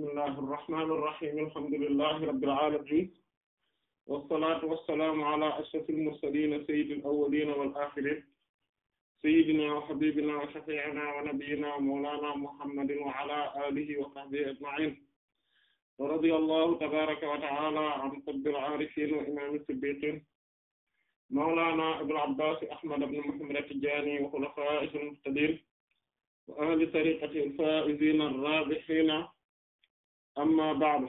بسم الله الرحمن الرحيم الحمد لله رب العالمين والصلاة والسلام على أشرف المرسلين سيد الأولين والآخرين سيدنا وحبيبنا وشفيعنا ونبينا ومولانا محمد وعلى آله وصحبه أجمعين ورضي الله تبارك وتعالى عن طب العارفين وإمام السبيقين مولانا أبو العباس أحمد بن محمد التجاني وخلفائه المهتدين وأهل طريقة الفائزين الرابحين أما بعد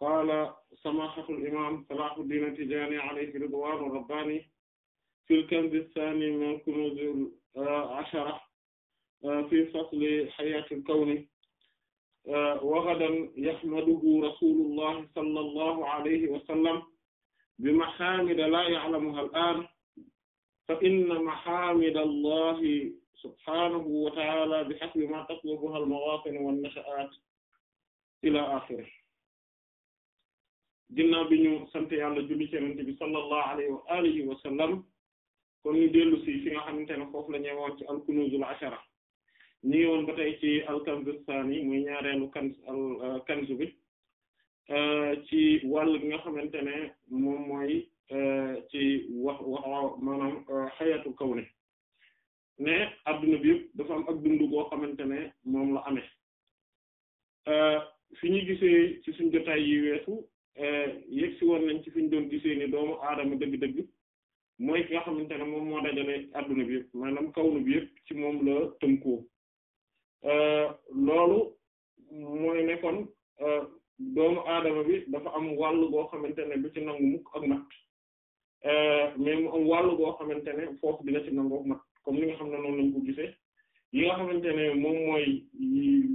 قال سماحة الإمام صلاح الدين التجاني عليه رضوان رباني في الكنز الثاني من كنوز العشرة آه، في فصل حياة الكون آه، وغدا يحمده رسول الله صلى الله عليه وسلم بمحامد لا يعلمها الآن فإن محامد الله سبحانه وتعالى بحسب ما تطلبها المواطن والنشآت ila axiri ginnaaw bi ñu sant yàlla julli ci bi sallallahu wa alihi wa sallam kon ñu dellu si fi nga xamante ne foofu lañuy ñuy wax ci alkunuzul ashara ñu ci alkanzu saani muy ñaareelu kanz al euh, kanzu bi euh, ci wàll nga xamante ne moom mooy euh, ci wax wax maanaam xayatul kawni ne adduna bi yëpp dafa ak dund goo xamante ne moom la amee fi ñu gisee ci suñ jotaay yi weesu eh, yegg si woon nañ ci fi ñu doon gisee ni doomu aadama dëgg-dëgg mooy ki nga xamante ne moom moo dajale adduna bi yëpp maanaam kawnu bi yëpp ci moom la tënkoo eh, loolu mooy nekkoon kon eh, doomu aadama bi dafa am wàll goo xamante ne du ci nangu mukk ak mat mais mu am wàll goo xamante ne foofu dina ci nangu ak mat comme ni nga xam ne noonu lañ ko gisee yi nga xamante ne moom mooy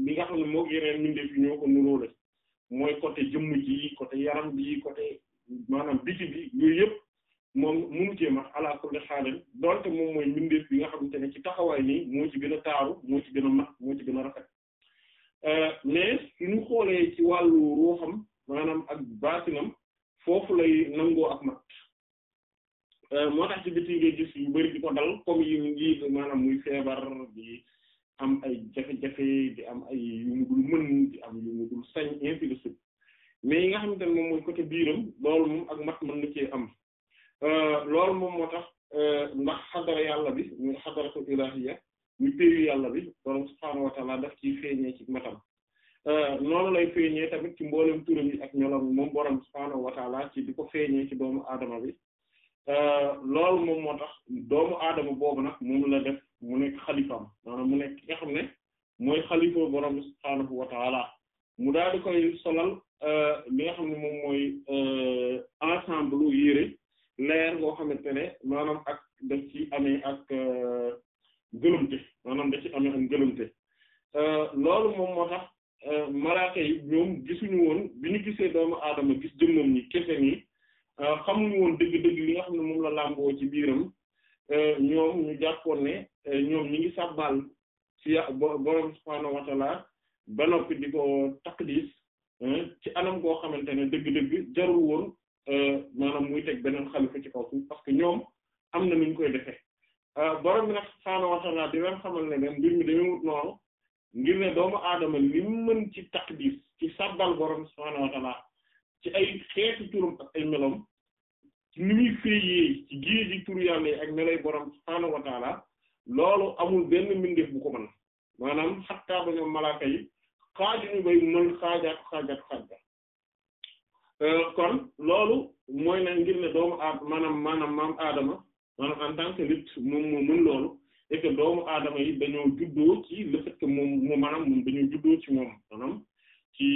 li nga xam ne moog yeneen mbindeef yi ñoo ko nuróole mooy côté jëmm ji côté yaram bi côté maanaam biti bi yëpp moom mënu cee max ala kulli xaalin donte moom mooy bi nga xamante ne ci taxawaay nii moo ci gën a taaru moo ci gën a mag moo ci gën a rafet euh, mais nu xoolee ci wàllu ruuxam maanaam ak baatinam foofu lay nangoo ak mat euh, moo tax ci biti ngay gis yu bari di ko dal comme yi ngi maanaam muy feebar bi am ay jafe-jafe di am ay yu dul mën di am yu mu dul sañ ainsi de mais yi nga xamante ne moom mooy côté biiram loolu moom ak mat mën na cee am euh, loolu moom moo tax euh, ndax xadara yàlla bi muy xadaratu ilahiyya muy péyu yàlla bi borom subhaanahu wa ta'ala daf ciy feeñee ci matam euh, noonu lay feeñee tamit ci mboolem turam yi ak ñolam moom borom subhaanahu wa ta'ala ci di ko feeñee ci doomu aadama bi loolu moom moo tax doomu aadama boobu nag moom la def mu nekk xalifaam mu nekk ki nga xam ne mooy xalifa borom subhaanahu wa taala mu daal di koy solal euh, li nga xam ne moom mooy euh, ensemble lu yére leer boo xamante ne maanaam ak da ci amee ak euh, gëlëmte maanaam daf ci amee ak gëlëmte loolu moom moo tax malaaka yi ñoom gisuñu woon bi ñu gisee doomu aadama gis jëmmam ñi kese nii xamuñu woon dëgg-dëgg li nga xam ne moom la làmboo ci biiram Euh, ñoom ñu jàppoon ne euh, ñoom ñi ngi sabbal ci borom subhaanahu wa ta'ala ba noppi di ko taqdis euh, ci anam goo xamante ne dëgg-dëgg jarul woon maanaam muy teg beneen xalifa ci kaw suuf parce que ñoom am na nuñ koy defee borom bi na subhaanahu wa ta'ala di leen xamal ne leen mbir mi dañu noonu ngir ne doomu aadama li mën ci taqdis ci sabbal borom subhaanahu wa ta'ala ci ay xeetu turam ak ay melom ci ni muy ci géej tur yàlla yi ak melay borom subhaanahu wa taala loolu amul benn mbindeef bu ko mën maanaam xattaa ba ñoom malaaka yi xaajuñu bay mën xaajaat xaajaat xaajaat euh, kon loolu mooy na ngir ne doomu aadama maanaam maanaam maam aadama en tant que nit moom moo mën loolu yi dañoo juddoo ci le fait que moom maanaam moom dañoo juddoo ci moom maanaam ci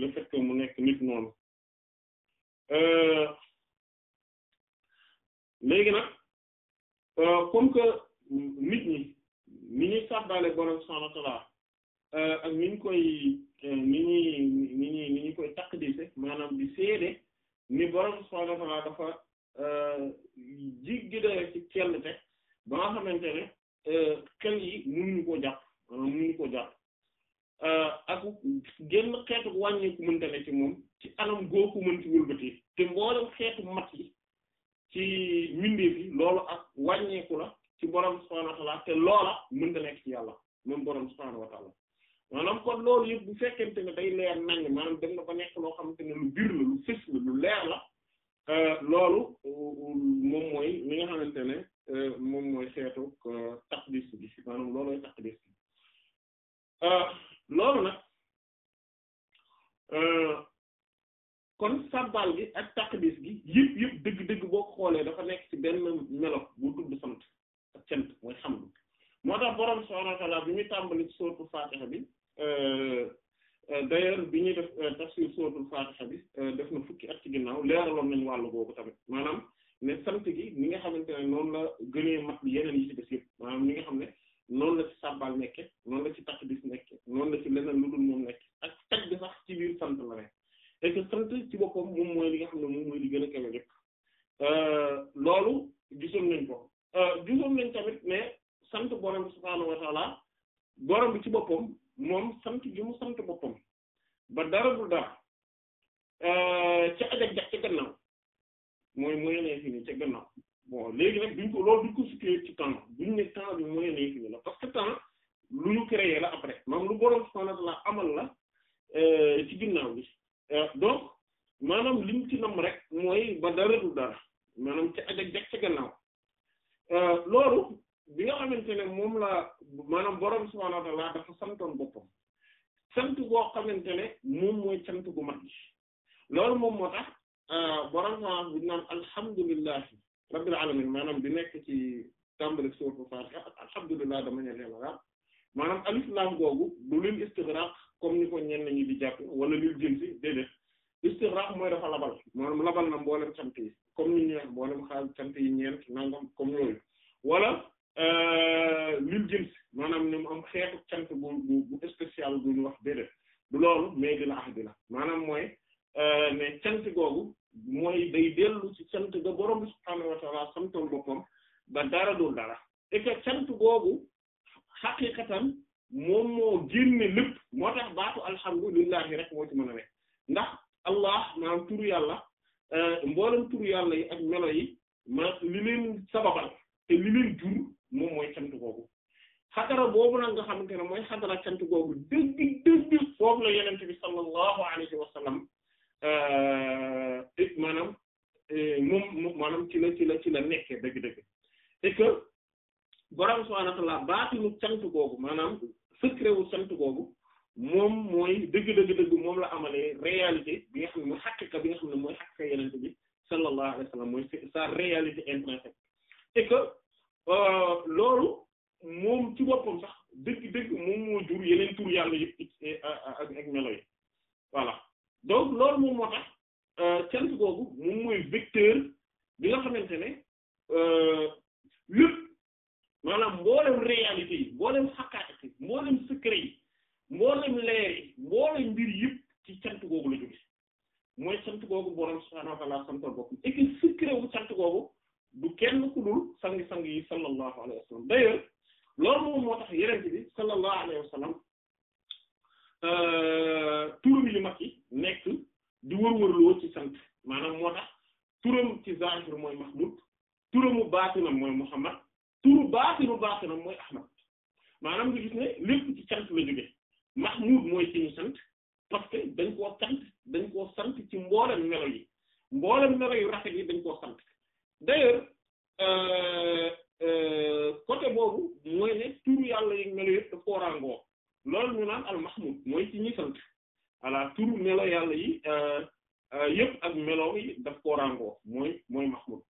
le fait mu nekk nit noonu euh, léegi nag euh, comme que nit ñi ni ñuy sàbbaale borom subhaanahu wa ta'aala euh, ak ni ñu koy euh, ni ñuy ni ñuy ni ñu koy taqdiise di seede ni borom subhaanahu wa ta'aala dafa jiggi dayo ci kell te ba nga xamante ne xel yi mënuñu koo jàpp mu mënuñu koo jàpp ak génn xeetu wàññeeku mënte ci moom ci anam gooku mën ci wëlbati te mboolem xeetu mat yi ci mbindeef yi loolu ak wàññeeku la ci borom subhaanahu wa ta'ala te loola mënta nekk ci yàlla moom borom subhaanahu wa ta'ala maanaam kon loolu yëpp bu fekkente ne day leer nañ maanaam dem na ba nekk loo xamante ne lu biir la lu fës la lu leer la euh, loolu moom mooy li nga xamante ne euh, moom mooy xeetu euh, taqdis bi maanaam loolooy taqdis bi loolu nag kon sabbal gi ak taqdis gi yëpp yëpp dëgg-dëgg boo ko xoolee dafa nekk ci benn melo bu tudd sant ak cant mooy xamdu moo tax boroom subhaanahu wa ta'aala bi ñu tàmbali ci sóoratul Faatiha bi euh, euh, d'ailleurs bi ñuy def euh, tafsir sóoratul Faatiha bi def na fukki at ci ginnaaw leeraloon nañ wàll boobu tamit maanaam ne sant gi ni nga xamante ne noonu la gënee mat yeneen yi ci des yëpp maanaam ni nga xam ne noonu la ci sabbal nekke noonu la ci taqdis nekke noonu la ci leneen lu dul moom nekke ak tag bi sax ci biir sant et que stratégie ci boppam moom mooy li nga xam ne moom mooy li gën a kawe rek euh, loolu gisoon nañ ko euh, gisoon nañ tamit ne sant borom bi subhaanahu borom bi ci boppam moom sant gi sant boppam ba dara du dara euh, ci ajak jax ca gannaaw mooy moyenee fi ni ca gannaaw bon léegi nag duñ ko loolu duñ ko sukk ci temps duñ ne temps bi moyenee fi ni la parce que temps lu ñu créé la après maanaam lu borom subhaanahu wa amal la ci ginnaaw bi Euh, donc maanaam liñ ci nam rek mooy ba dara du dara maanaam ci aj ak jag ci gannaaw euh, loolu bi nga xamante ne moom la maanaam borom subhaanahu wa ta'aala dafa santoon boppam sant boo xamante ne moom mooy sant gu mag loolu moom moo tax euh, borom subhaanahu bu naan alhamdulillahi rabbil alamin maanaam di nekk ci tàmbali suuratul Faatiha ak alhamdulillah dama ñe leena maanaam alif googu du lil istighraq comme ni ko ñenn ñi di jàpp wala lil jën si déedéet istiraaq mooy dafa labal maanaam labal na mboolem cant yi comme ni ñuy wax mboolem xaal cant yi ñeent nangoom comme yooyu wala euh, lil jën si maanaam ñoom am xeetu cant bu bu spécial bu ñu wax déedéet du loolu mais di la ax di maanaam mooy euh, ne cant googu mooy day dellu ci cant ga borom bi subhaanahu wa ta'ala santoon boppam ba dara dul dara et que googu xaqiqatan moom moo génne lépp moo tax baatu alhamdulillahi rek moo ci mën nekk ndax allah maanaam turu yàlla euh, mboolem turu yàlla yi ak melo yi ma li leen sababal te li leen jur moom mooy cant googu xadara boobu nag nga xamante ne mooy xadara cant googu dëgg dëgg foofu la yenente bi sallallahu alayhi wa sallam euh, maanaam euh, moom maanaam ci la ci la ci la nekkee dëgg-dëgg et que borom subhanahu wa ta'ala baatinu cant googu maanaam secret wu sant googu moom mooy dëgg dëgg dëgg moom la amale réalité bi nga xam ne mooy xaqiqa bi nga xam ne mooy xaqiqa yeneen bi sallallahu alayhi wa sallam mooy sa réalité intrinsèque et que euh, loolu moom ci boppam sax dëgg dëgg moom moo jur yeneen tur yàlla yëpp ak ak melo yi voilà donc loolu moom moo tax euh, cant googu moom mooy vecteur bi nga xamante ne euh, lépp maanaam mboolem réalité yi mboolem xaqaati yi mboolem secret yi mboolem leer mboolem mbir yëpp ci sant googu la jóge mooy sant googu borom subhaanahu wa ta'aala santal boppam et que secret sant googu du kenn ku dul sangi-sang yi sallallahu alayhi wa sallam d'ailleurs loolu moom moo tax yeneen bi sallallahu alayhi wa sallam euh, turam yu mag yi nekk di wërwërloo ci sant maanaam moo tax turam ci zahir mooy Mahmud turamu baatinam mooy Muhammad turu baatinu baatinam mooy Ahmad maanaam nga gis ne lépp ci sant la jóge Mahmoud mooy ci ñu sant parce que dañ koo sant dañ koo sant ci mboolem melo yi mboolem melo yi rafet yi dañ koo sant d'ailleurs euh, euh, côté boobu mooy ne turu yàlla yi melo yëpp daf koo ràngoo loolu ñu naan al Mahmoud mooy ci ñi sant voilà turu melo yàlla yi euh, yëpp ak melo yi daf koo ràngoo mooy mooy Mahmoud.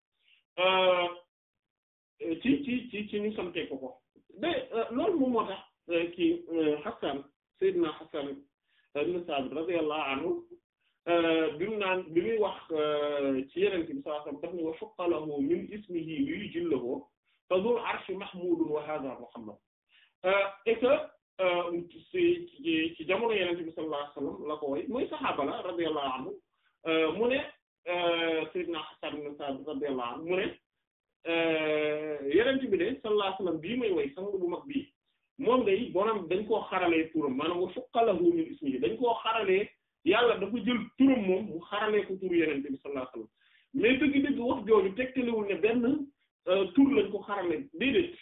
Euh, ci ci ci ci ñu sante ko ko ba euh, loolu moom moo tax kii euh, Hassan Seydina Hassan ibn Sabit radiyallahu anhu bi mu naan bi muy wax ci yenente bi sallallahu alayhi wasallam daf ni wa shaqqa lahu min ismihi liyujillahu fa dhul arshi mahmudun wa hadha Muhammad et que ci ci jamono yenente bi sallallahu alayhi wasallam la ko woy muy saxaaba la radiyallahu anhu mu ne Seydina Hassan ibn Sabit radiyallahu anhu mu ne Euh, yeneen bi de sallallahu alayhi wasallam bii may way sang bu mag bii moom day borom dañ koo xaralee turam maanaam wa suqalahu min ismihi dañ koo xaralee yàlla dafa jël turam moom mu xaralee ko tur yeneen bi sallallahu alayhi wasallam mais dëgg-dëgg wax jooju tegtalewul ne benn euh, tur lañ ko xaralee déedéet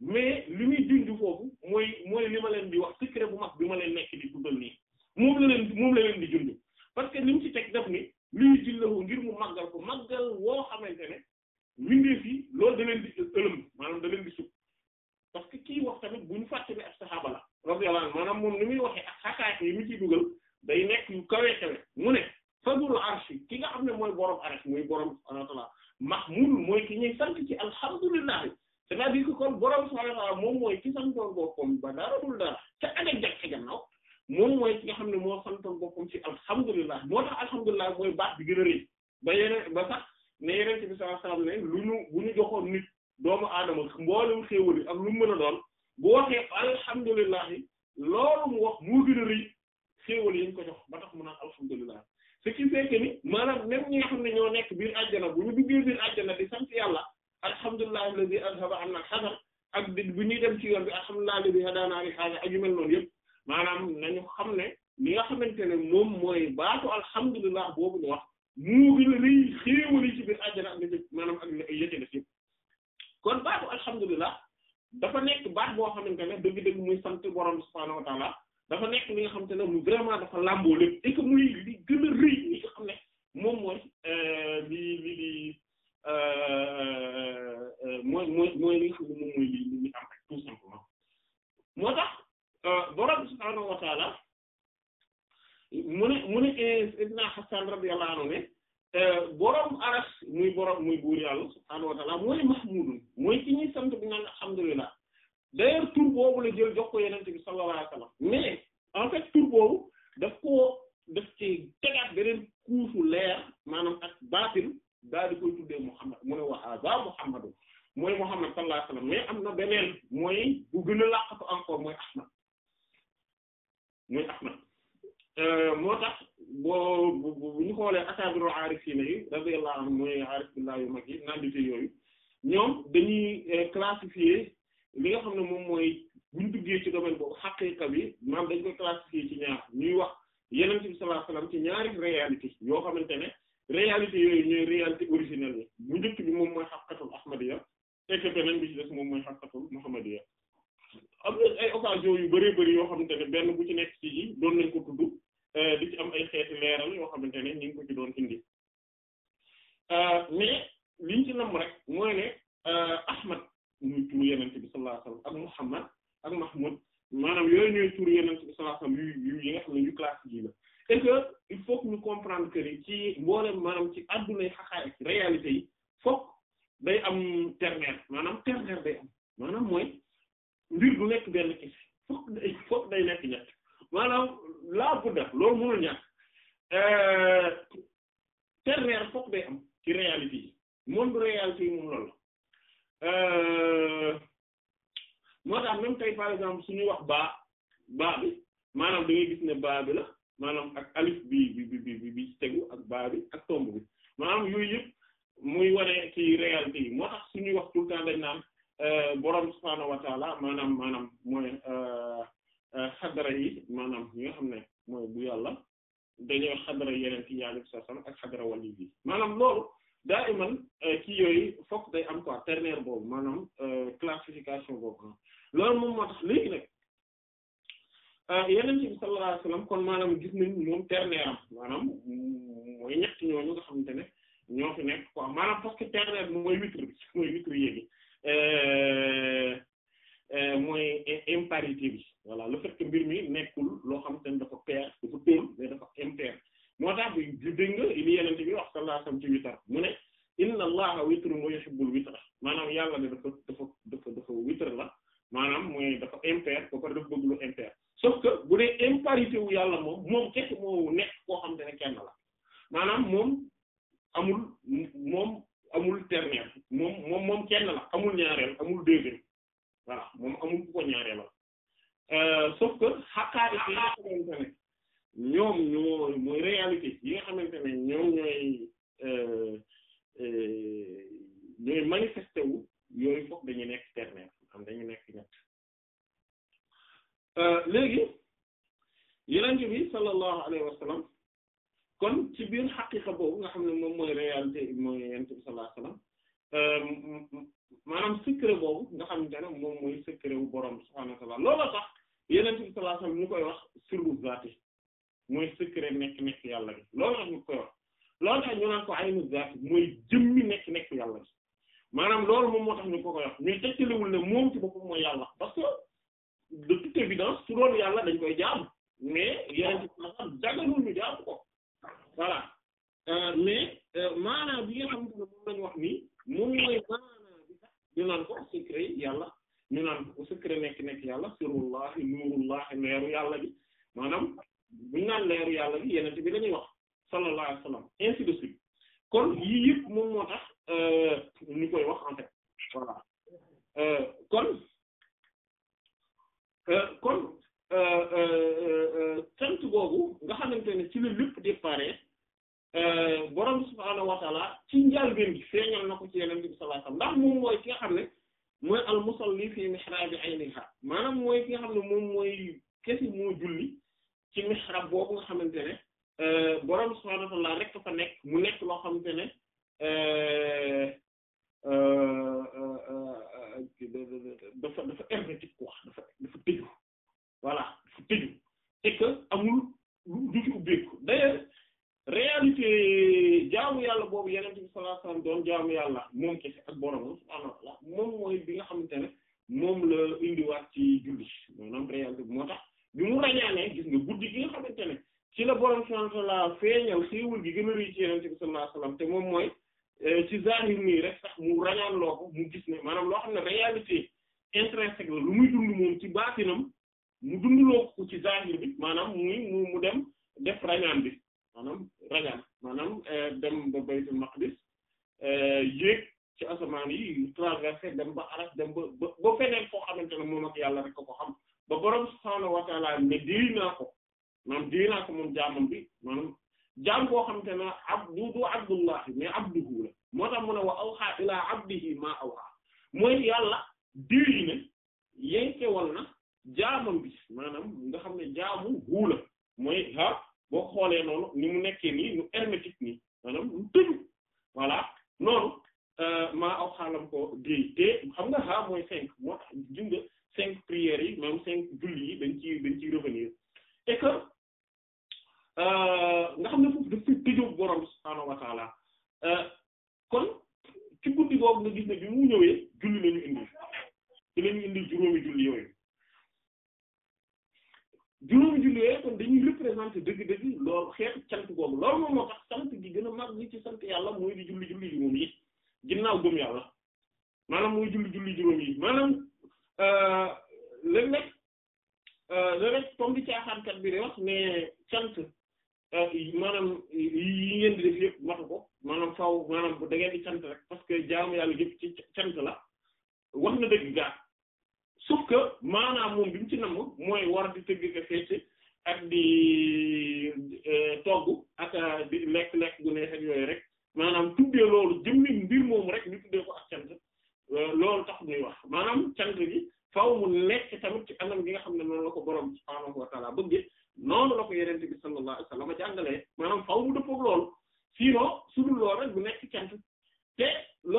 mais li muy junj foofu mooy mooy li ma leen di wax secret bu mag bi ma leen nekk di dugal nii moom la leen moom la leen di junj parce que li mu ci teg def ni li ñu jillahu ngir mu màggal ko màggal woo xamante ne mbindeef yi loolu da leen di ëlëm maanaam da leen di sukk parce que kii wax tamit bu ñu fàtte ne ab saxaaba la radiyallahu maanaam moom ni muy waxee ak xakaat yi mu ciy dugal day nekk yu kawee kawe mu ne fadul arshi ki nga xam ne mooy borom arsh muy borom subhaanahu wa ta'aala mooy ki ñuy sant ci alhamdulilah c'est-à-dire que kon borom subhaanahu wa ta'aala moom mooy ki santoon boppam ba dara dul dara te anek jag ci gannaaw moom mooy ki nga xam ne moo santoon boppam ci alhamdulilah moo tax alhamdulilah mooy baat bi gën a rëy ba yeneen ba sax ne yeneen bi sallallahu a wasallam ne lu ñu bu ñu joxoon nit doomu aadama mboolem xéewal yi ak lu mu mën a doon bu waxee alhamdulilahi loolu mu wax moo gën a rëy xéewal yi ñu ko jox ba tax mu naan alhamdulilah ce qui fait que ni maanaam même ñi nga xam ne ñoo nekk biir àjjana bu ñu duggee biir àjjana di sant yàlla alhamdulilahi alladhi azhaba anna al-hazan ak bu ñuy dem ci yoon bi alhamdulilahi alladhi hadana li hadha ak yu mel baa bi ak tomb bi maanaam yooyu yëpp muy wane ci réalité yi moo tax suñuy wax tout le temps dañ naan euh, borom subhaanahu wa maanaam mooy ki nga xam ne moom mooy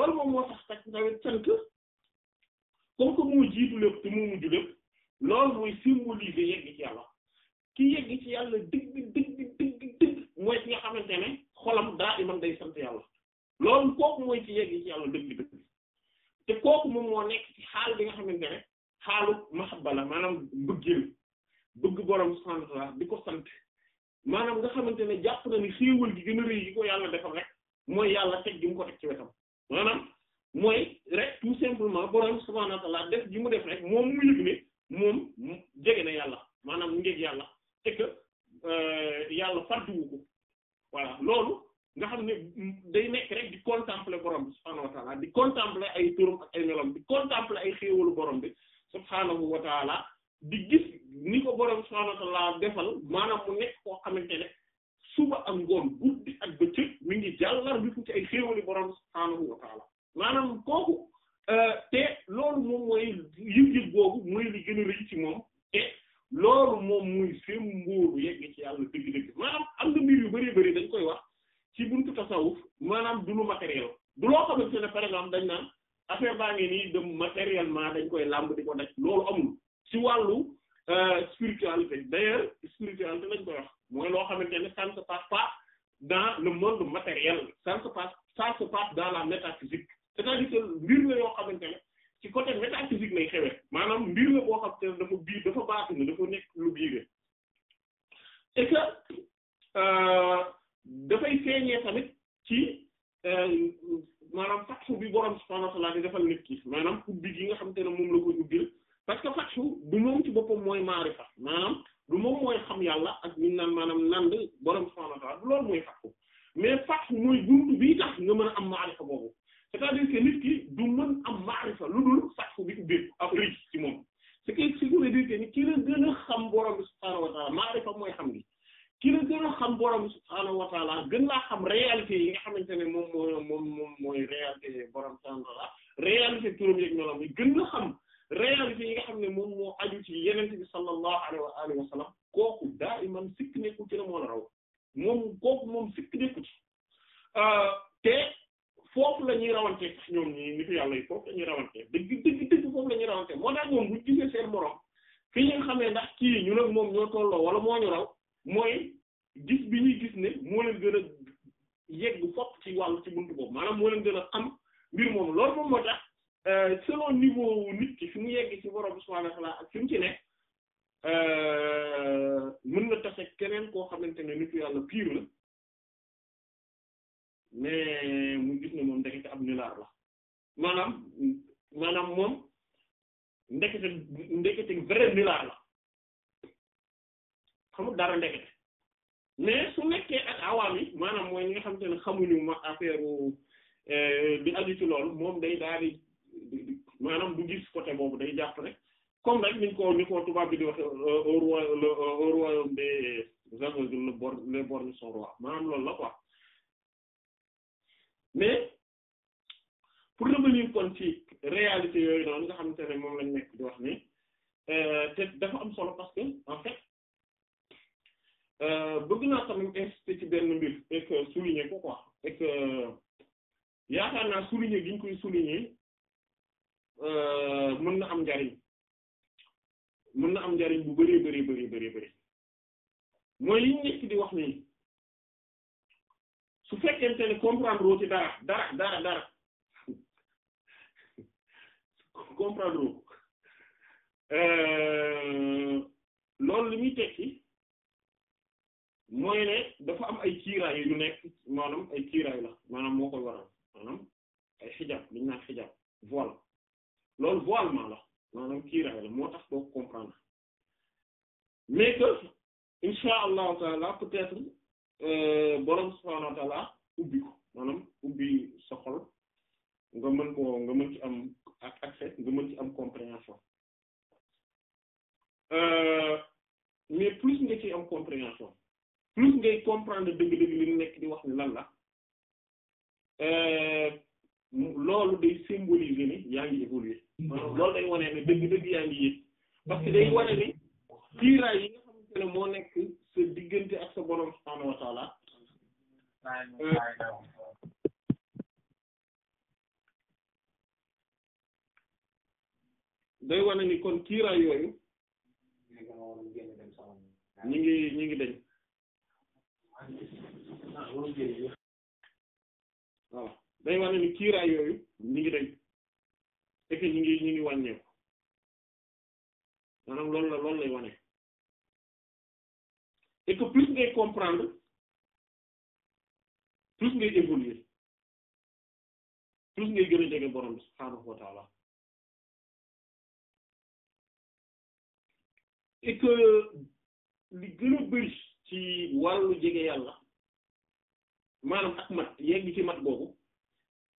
loolu moom moo tax tak nawet cant comme que moo jiitu lépp te moo mujj lépp loolu mooy symboliser yegg yegg ci yàlla dëgg dëgg dëgg mooy ki nga xamante ne xolam daa iman day sant yàlla loolu kooku mooy ci yegg ci yàlla dëgg dëgg te kooku moom moo nekk ci xaal bi nga xamante ne xaalu mahabba la maanaam mbëggeel bëgg borom subhanahu wa di ko sant maanaam nga xamante ne jàpp na ni xéewal gi gën a rëy yi ko yàlla defal rek mooy yàlla teg gi mu ko teg ci wetam maanaam mooy rek tout simplement borom subhaanahu wa ta'aala def ji mu def rek moom mu yëg ne moom jege na yàlla maanaam ngéeg yàlla te que euh, yàlla fàttuwu ko voilà loolu nga xam ne day nekk rek di contempler borom bi subhaanahu wa di contempler ay turam ak ay melam di contempler ay xéewalu borom bi subhaanahu wa ta'aala di gis ni ko borom subhaanahu wa defal maanaam mu nekk koo xamante ne suba ak ngoon guddi ak bëccëg mu ngi jàllar bi fu ci ay xéewali borom subhaanahu wa taala maanaam kooku euh, te loolu moom mooy yëg boobu mooy li gën a rëy ci moom te loolu moom muy seen mbóoru yegg ci yàlla dëgg-dëgg maanaam am nga mbir yu bari bari dañ koy wax ci buntu tasawuf maanaam du lu matériel du loo xamante ne par exemple dañ naan affaire baa ngi nii de matériellement dañ koy làmb di ko daj loolu amul ci wàllu euh, spiritualité d'ailleurs spiritualité lañ koy wax mooy loo xamante ne ça ne passe pas dans le monde matériel ça ne se passe ça passe dans la métaphysique c'est-à-dire mbir la yoo xamante ne ci côté métaphysique lay xewee maanaam mbir la boo xam te dafa biir dafa baatu dafa nekk lu biiree et que euh, dafay feeñee tamit ci euh, maanaam fatxu bi borom subhaanahu wa ta'aala defal nit ki maanaam ubbi yi nga xam te ne moom la koy ubbil parce que fatxu du moom ci boppam mooy maarifa maanaam du mom moy xam yàlla ak ñu naan maanaam nand borom subhanahu wa ta'ala du lol moy fakku mais fàq moy buntu bi tax nga meuna am maarifa bobu c'est-à-dire que nit ki du meun am maarifa luddul dul fàq bi ubbi ak rëy ci mom ce qui ce qui veut dire que ni ki la gëna xam borom subhanahu wa ta'ala maarifa moy xam bi ki la gëna xam borom subhanahu wa ta'ala gën la xam réalité yi nga xamantene mom mom mom moy réalité borom subhanahu wa ta'ala réalité turam yeeg ñolam yi gën la xam. réalité yi nga xam ne moom moo aju ci yeneen bi sallallahu alayhi wa alihi wa sallam kooku daa iman sikk nekku ci la moo la raw moom euh, te foofu la ñuy rawantee sax ñoom ñi ni ko yàlla yi foofu la moo tax moom bu gisee seen morom fii nga xamee ndax kii ñu nag moom ñoo tolloo wala moo ñu raw mooy gis bi ñuy gis ne moo leen gën a yegg fopp ci wàll ci bunt boobu maanaam moo leen gën a am mbir moom loolu moom moo tax Euh, selon niveau nit ki fi mu yegg ak fi mu ci nekk euh, keneen koo xamante ne nitu yàlla pire moom ndekete ab nilaar la maanaam moom ndekete ndekete vrai nilaar la xamul dara su nekkee ak awaam yi maanaam mooy ñi nga xamante ne xamuñu ma affaire euh, bi aju ci loolu moom day daal maanaam du gis côté boobu day jàpp rek comme rek niñ ko ni ko tubaab bi di waxe euh, au roi euh, au royaume des aveugles les borgnes sont rois maanaam lool la quoi mais pour revenir kon ci réalité yooyu noonu nga xamante ne moom lañ nekk di wax ni euh, te dafa am solo parce que en fait bëgg naa tamit insisté ci benn mbir et que souligner ko quoi et yaakaar naa souligner gi ñu koy souligner Euh, mën na am njariñ mën na am njariñ bu bëree bëri bëri bëri bëri mooy li ñu nekk di wax nii su fekkente ne comprendre ci dara dara dara dara comprendre woo euh, loolu li muy tekki mooy ne dafa am ay kiiraay yu nekk maanaam ay kiiraay la maanaam moo koy waral maanaam ay xijab li ñu naan xijab loolu voilement la la moo tax boo comprendre mais que insha allahu taala peut-être euh, borom subhaanahu wa ubbi ko maanaam ubbi sa xol nga mën koo nga mën ci am ak accès nga mën ci am compréhension euh, mais plus nga ciy am compréhension plus ngay comprendre dëgg-dëgg li nekk di wax ni lan la. Euh, loolu day symboliser ni yaa ngi évoluer loolu day wane ne dëgg-dëgg yaa ngi yéeg parce que day wane ni kiiraay yi nga xamante ne moo nekk sa diggante ak sa borom subhaanahu wa taala euh, day wane ni kon kiiraay yooyu ñi ngi ñi ngi dañ waaw day wane ni kiiraay yooyu ñu ngi dañ et que ngi ñu ngi wàññeeku maanaam loolu la loolu lay wane et plus ngay comprendre plus ngay évoluer plus ngay gën a jege borom bi subhaanahu wa taala et que li gën a bëri ci wàllu jege yàlla maanaam ak mat yegg ci mat boobu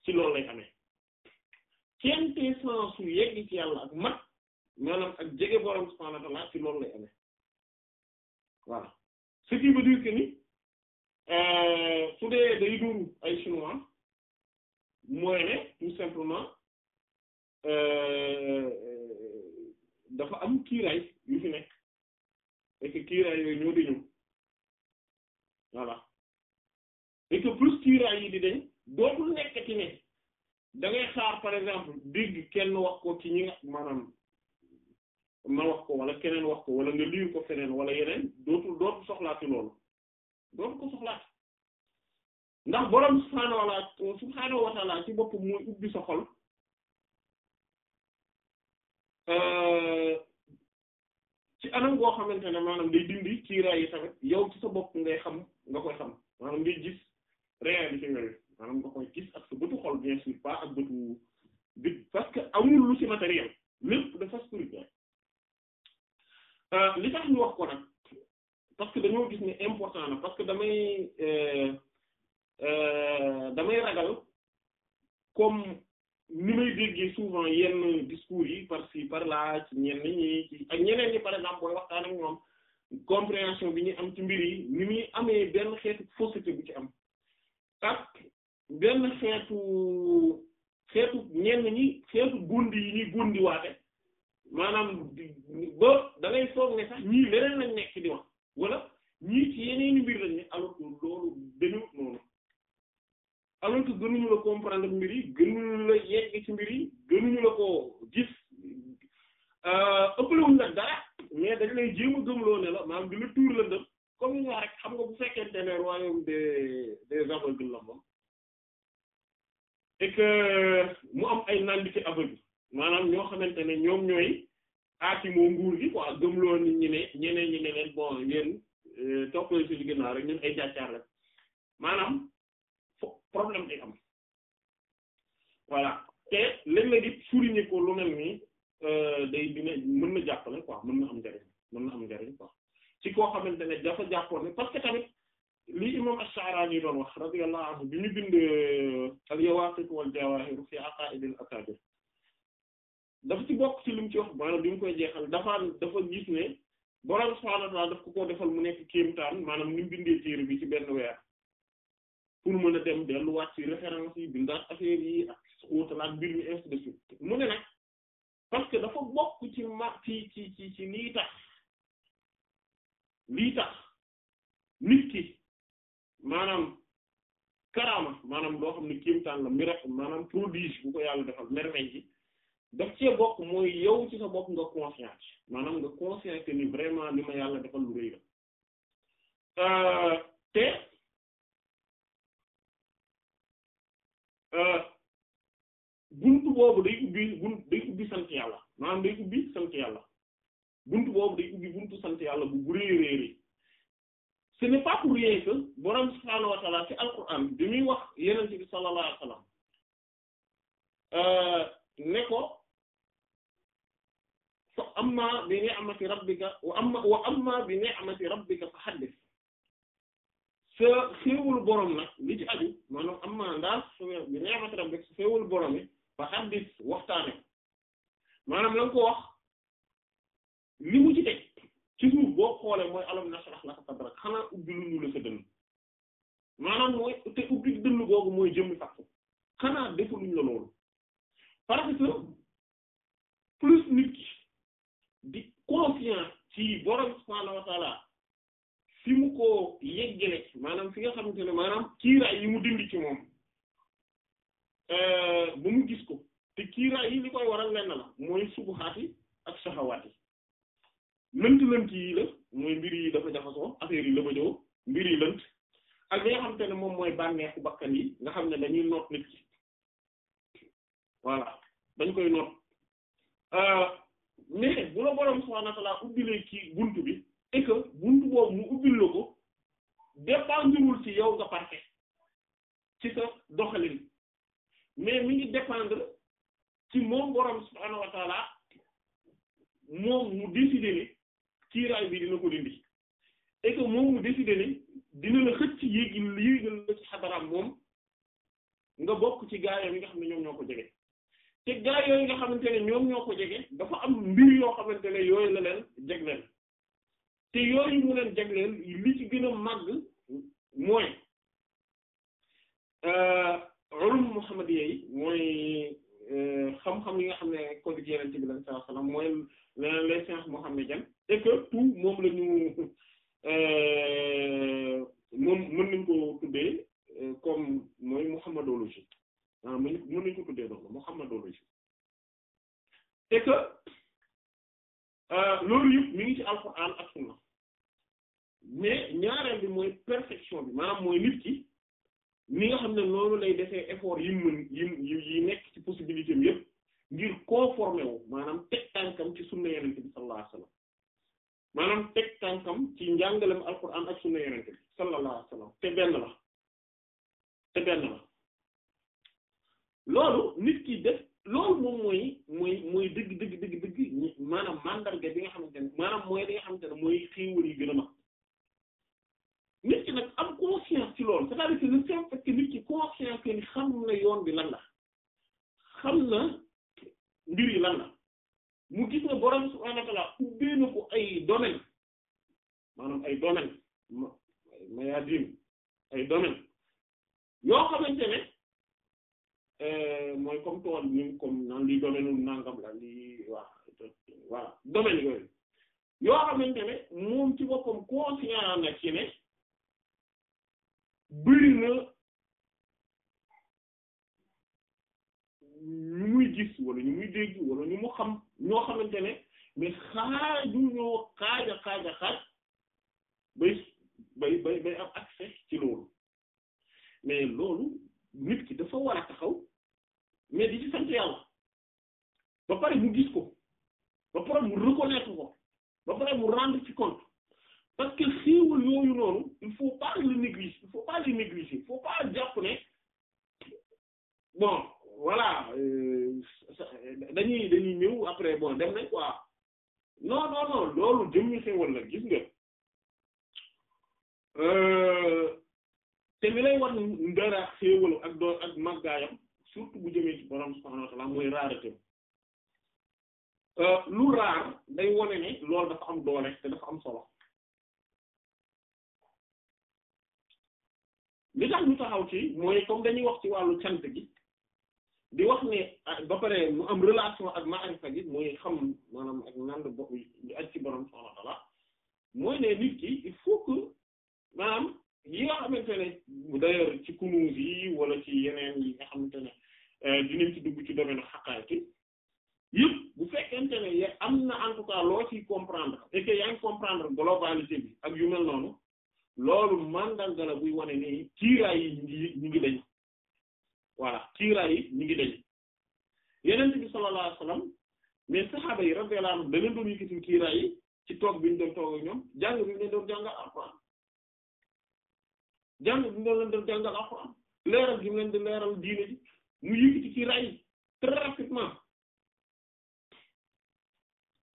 ci loolu lay amee quintessence yu yegg ci yàlla ak mat maanaam ak jege borom subhaanahu wa ci loolu lay amee voilà ce qui veut dire que ni euh, su dee day dóoru ay chinois mooy ne tout simplement euh, dafa am kiiraay yu fi nekk et kiiraay yooyu ñoo di ñëw voilà et que plus kiiraay yi di dañ dootul nekkati ne da xaar par exemple dégg kenn wax ko ci ñi nga maanaam ma wax ko wala keneen wax ko wala nga liir ko feneen wala yeneen dootul dootul soxlaati loolu dootul ko soxlaati ndax boroom subhaanahu wa ci boppam mooy ubbi sa xol euh, ci anam goo xamante ne maanaam day dindi ci raay tamit yow ci sa bopp ngay xam nga koy xam maanaam ngay gis réalité yooyu maanaam nga koy gis ak sa bëtu xol bien sûr pas ak bëtu bi parce que amul lu ci matériel lépp dafa spirituel euh, li tax ñu wax ko nag parce que dañoo gis ne important na parce que damay euh, euh, damay ragal comme ni may déggee souvent yenn discours yi par ci par là ci ñenn ñi ci ak ñeneen ñi par exemple booy waxtaan ak ñoom compréhension bi ñu am ci mbir yi ni muy amee benn xeetu fausseté bu ci am ak benn xeetu xeetu ñenn ñi xeetu gundi yi ñuy gundi waate maanaam ba da ngay ne sax ñii leneen lañ nekk di wax wala ñii ci yeneen mbir lañ ne alors que loolu dañoo noonu alors gënuñu la comprendre mbir yi gënuñu la yegg ci mbir yi gënuñu la ko gis euh, ëppalewuñ la dara mais dañ lay jéem a gëmloo ne la maam di la tuur la ndëm comme ñu rek xam nga bu fekkente ne royaume des des aveugles la moom c'est euh, mu am ay nandite aveugle maanaam ñoo xamante ne ñoom ñooy aati moo nguur gi quoi gëmloo nit ñi ne ñeneen ñi ne leen bon yéen si euh, ci ginnaaw rek ñun ay jàccaar la maanaam fo problème day am voilà te léeg-léeg it souligner ko lu mel nii euh, day dina mën na jàppale quoi mën na am njariñ mën na am njariñ quoi ci koo xamante ne dafa jàppoon ne tamit lii imam Ash-Sha'rani doon wax radiyallahu anhu bi ñu bind al-Yawaqit wal-Jawahir fi Aqaa'id al-Akabir dafa ci bokk ci li mu ci wax maanaam bi mu koy jeexal dafa dafa gis ne borom subhaanahu wa ta'aala daf ko koo defal mu nekk kéemtaan maanaam ni mu bindee téere bi ci benn weer pour mën a dem delluwaat ci référence yi bindaat affaire yi ak xóotalaat mbir mi ainsi mu ne nag parce dafa bokk ci ma ci ci ci ci tax lii tax nit ki. maanaam karaama maanaam loo xam ne kéemtaan la miracle maanaam prodige bu ko yàlla defal merveille ji daf cee bokk mooy yow ci sa bopp nga conscient maanaam nga conscient que ni vraiment li ma yàlla defal lu rëy la euh, te euh, buntu boobu day ubbi buntu day ubbi sant yàlla maanaam day ubbi sant yàlla buntu boobu day ubbi buntu sant yàlla bu bu rëy ce n'est pas pour borom subhaanahu wa taala ci alquran bi muy wax yonent bi sallallahu alayhi wa sallam euh, ne ko fa amma bi ni'mati rabbika wa amma wa amma bi borom nag li ci aju maanaam amma bi ni'mati rabbika sa xéewalu borom yi fa haddith waxtaane maanaam la nga ko wax li mu ci teg ci suuf boo xoolee mooy alam nashrah laka sadrak xanaa ubbi lu ñu la sa dënn maanaam mooy te ubbi dënn googu mooy jëmmi sax xanaa defaluñ la loolu parce que plus nit di confiant ci borom subhaanahu mu ko yeggale maanaam fi nga xamante ne maanaam kiiraay yi mu dindi ci moom euh, bu mu gis ko te kiiraay yi li koy waral lenn la mooy subuhaat yi ak saxawaat lënt lënt yi la mooy mbir yi dafa jaxasoo affaire yi la ba mbir yi lënt ak li xam ne moom mooy bànneexu bakkan yi nga xam ne dañuy noot nit ki voilà dañ koy noot euh, mais bu la boroom subhaanahu wa ubbilee kii bunt bi et que bunt boobu mu ubbil la ko dépendrewul ci yow nga parfait ci sa doxalin mais mi ngi dépendre ci moom boroom subhaanahu wa moom mu décider ni kiiraay bi dina ko dindi et moom décidé ne dina la xëcc yéegi yéegal la ci xadaraam moom nga bokk ci gaayam yi nga xam ne ñoom ñoo ko jege te nga xamante ne ñoom ñoo ko jege dafa am mbir yoo xamante ne yooyu la leen jagleel te yooyu mu leen jagleel li ci gën a màgg mooy euh, ulum muhammadiyya yi mooy euh, xam-xam yi nga xam ne ko di bi sallallahu alayhi wasallam mooy les sciences mohammediennes et que tout moom la ñu euh, moom mën nañ ko tuddee euh, comme mooy mohammadologie ah mën nañ ko tuddee donc mohammadologie et que euh, loolu yëpp mi ngi ci alxuraan ak sunna mais ñaareel bi mooy perfection bi maanaam mooy nit ki ni nga xam ne loolu lay defee effort yi mën yi yi nekk ci possibilité bi yëpp ngir conformé wu maanaam teg tànkam ci sunna yenente bi sallallahu alayhi maanaam teg tànkam ci njàngalem alquran ak sunna yenente bi sallallahu alayhi te benn la te benn la loolu nit ki def loolu moom mooy mooy mooy dëgg dëgg dëgg dëgg maanaam mandarga bi nga xamante ne maanaam mooy li ne mooy xéewal yi gën a mag nit ki nag am conscience ci loolu c'est-à-dire que le simple fait nit ki conscience que ni xam na yoon bi lan la xam na mbir yi lan la mu gis ne borom subhaanahu wa ta'aala ubbee na ko ay domaine maanaam ay domaine mayaadim ay domaine yoo xamante ne euh, mooy comme tool ñun comme naan lii domaine u nangam la lii waa voilà yooyu yoo xamante ne moom ci boppam conscient na ci ne bëri na ñu muy gis wala ñu muy dégg wala ñu mu xam ñoo xamante ne mais xaaju ñoo xaaja xaaja xaaj bay bay bay bay am ci loolu mais loolu nit ki dafa war a taxaw mais di ci sant yàlla ba pare mu gis ko ba pare mu reconnaître ko ba pare mu rendre ci compte parce que xéewal yooyu noonu il il faut pas le négliger il faut pas jàpp ne bon voilà euh, dañuy dañuy ñëw après bon dem nañ quoi non non non loolu jëmmi xéwal la gis nga euh, te li lay wan dara xéewalu ak doo surtout bu jëmee ci borom subhanahu wa ta'ala euh, lu raar day wone ne loolu dafa am doole te dafa am solo li tax ñu taxaw ci mooy comme dañuy wax ci wàllu cant gi di wax ne ah, ba pare mu am relation ak maarifa gi mooy xam maanaam ak nand bo ñu aj ci borom subhanahu wa ta'ala mooy ne nit ki il faut que maanaam yi nga xamante ne d'ailleurs ci kunuuz yi wala ci yeneen yi nga xamante ne euh, dinañ ci dugg ci domaine xaqaati yëpp bu fekkente ne am na en tout cas loo ci comprendre et que yaa ngi comprendre globalité bi ak yu mel noonu loolu mandangal la buy wane ni kiiraay yi ñu ngi ñu ngi dañ voilà kiiraay yi ñu ngi dañ yeneen bi sallallahu alayhi wasallam mais saxaaba yi radiyallahu anhum da leen doon yëkkati kiiraay yi ci toog bi ñu doon toog ñoom jàng bi ñu doon jàngal alxuraan jàng bi ñu doon jàngal alxuraan leeral gi mu leen di diine mu yëkkati kiiraay yi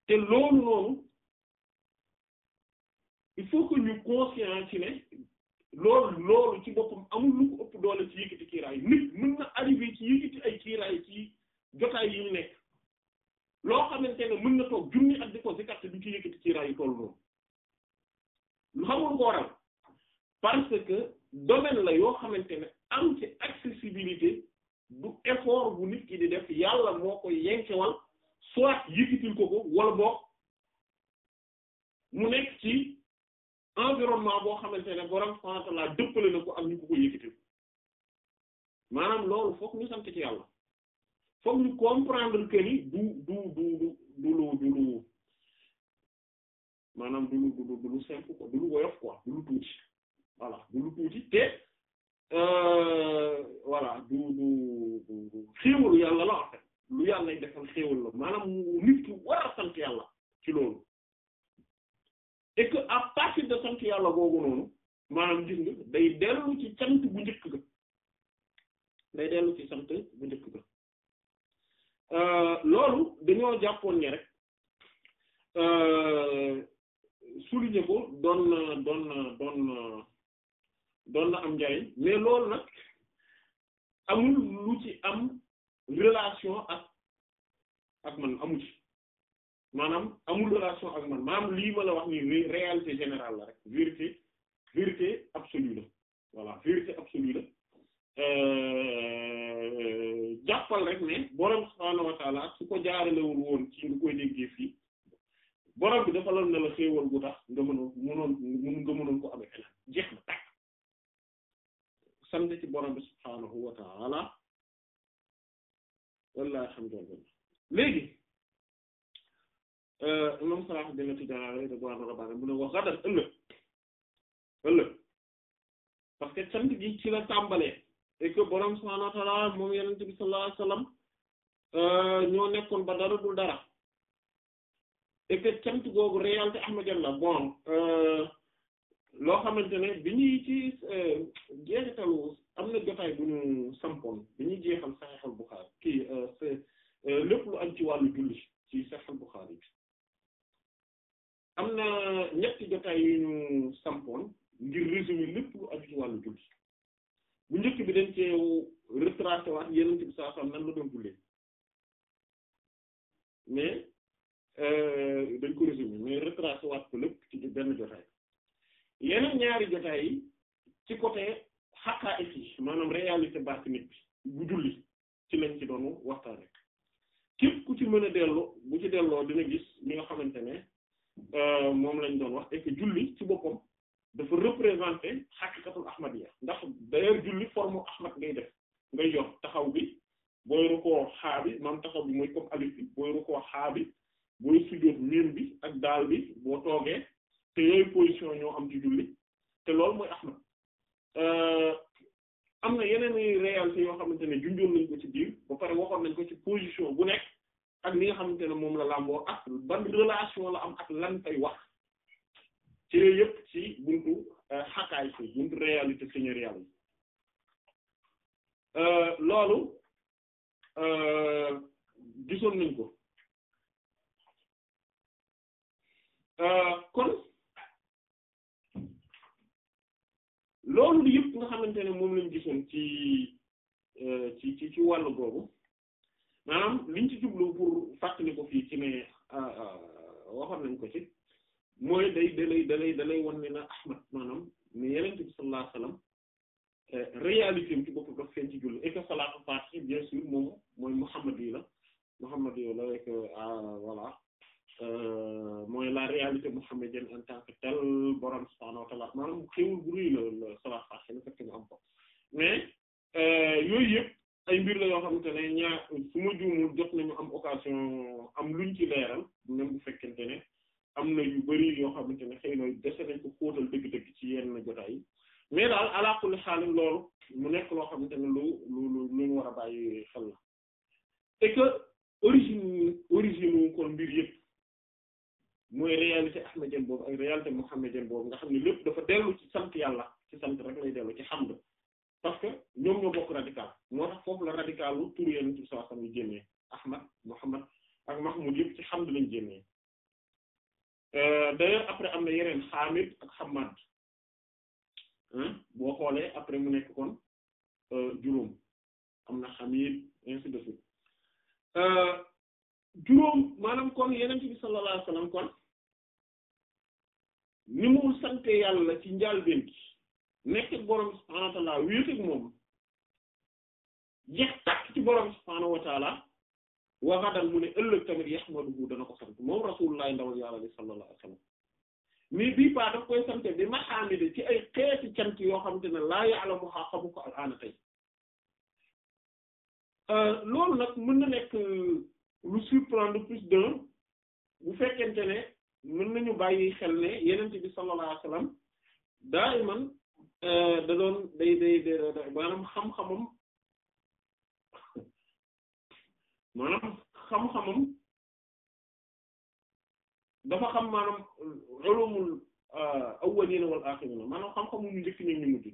te loolu noonu il faut que ñu conscient ne loolu loolu ci boppam amul lu ko ëpp doole ci yëkkati kiiraay nit mën na arrivé ci yëkkati ay kiiraay ci jotaay yi ñu nekk loo xamante ne mën na toog junni ak di ko zikarte du ci yëkkati kiiraay yu toll noonu lu xamul ko waral parce que domaine la yoo xamante ne am ci accessibilité du effort bu nit ki di def yàlla moo koy yenkewal soit yëkkatil ko ko wala boo mu nekk ci environnement boo xamante ne borom subhaanahu wa ta'aala dëppale na ko ak ñu ko ko yëkkati maanaam loolu fokk ñu sant ci yàlla fokk ñu comprendre que ni du du du du lu du lu maanaam du lu du lu simple quoi du lu woyof quoi du lu tuuti voilà du lu tuuti te euh, voilà du du du yàlla la lu yàlla defal xéewal la maanaam nit ki war a sant yàlla ci loolu Eke apakit de sankya la vogounoun, man anjindou, dey delou ki chanti bunjek kougan. Dey delou ki sante bunjek kougan. Loulou, denyo japon nyerek, souli nye pou don la amjari, me loulou ak amoun louti amrelasyon ak man amouti. maanaam amul relation ak man maanaam lii ma la wax nii réalité générale la rek vérité vérité absolue la voilà vérité absolue la euh, jàppal rek ne borom subhaanahu wa su ko jaaralewul woon ci nga koy déggee fii borom bi dafa loon na la xéewal gu tax nga mënoon mënoon nga mënoon ko amee xelal jeex na tàkk sant ci borom bi subhaanahu wa taala wallahi alhamdulillah léegi Euh, moom Salah dina Tidjara de Bois Ndorobane mu ne wax dara ëllëg ëllëg parce que cant gi ci la tàmbalee et que borom subhaanahu moom yonent bi sallallahu alayhi wa sallam euh, ñoo nekkoon ba dara dul dara et que googu réalité ahmadiyya la bon euh, loo xamante ne bi ñuy ci jeexitalu am na jotaay bu ñu sampoon bi ñuy jeexal Sahih al-Bukhari kii lépp lu am ci wàllu julli ci Sahih al-Bukhari bi. am na ñetti jotaay yu ñu sampoon ngir résumé lépp lu aju ci julli bu njëkk bi dañ cee retracé waat yenent bi saa sallam nan la doon jullee mais euh, dañ ko résumé mais retracé yeneen ñaari jotaay yi ci côté xaqaa'iq yi maanaam réalité baax nit bi bu julli ci lañ ci doon waxtaan rek képp ku ci mën a delloo bu ci delloo dina gis li xamante ne Euh, moom lañ doon wax et que julli ci boppam dafa représenter xaqiqatul ahmadiyya ndax d'ailleurs julli forme ahmad ngay def ngay yor taxaw bi booy rukoo xaa taxaw bi mooy comme alif bi booy rukoo xaa bi booy sujjóot miim bi ak daal bi boo toogee te yooyu position ñoo am ci julli te loolu mooy ahmad euh, am na yeneen réalité yoo xamante ne junjoon nañ ko ci biir ba pare waxoon nañ ko ci position bu nekk ak li nga xamante ne moom la làmboo ak ban relation la am ak lan tay wax ci yëpp ci buntu euh, xakaay ci euh, loolu euh, gisoon nañ ko kon loolu yëpp nga xamante ne moom lañ gisoon ci ci ci wàll boobu maanaam liñ ci jublu pour fàttali ko fii ci ne ah, ah, waxoon nañ ko ci mooy day dalay dalay dalay wan ne na Ahmad maanaam ne yeneen bi sallallahu alayhi wasallam eh, réalité am ci bopp daf salaatu faatihi bien sûr moom mooy Muhammad yi la Muhammad yi la rek ah, voilà euh, mooy la réalité muhammadienne en tant que borom subhaanahu wa ta'aala maanaam xéwul bu rëy la salaatu faatihi la fekk ñu am ko in ci ay xeeti cant yoo xamante ne laa ya'lamuha xamu ko al'aana tey euh, loolu nag mën na nekk euh, lu surprendre plus d'un bu fekkente ne mën nañu bàyyi xel ne yenent bi sallallahu daa wasallam daiman euh, da doon day day day maanaam xam-xamam maanaam xam-xamam dafa xam maanaam ulumul Euh, awwalina wal axirina maanaam xam-xamu njëkk ñoom ñu mujj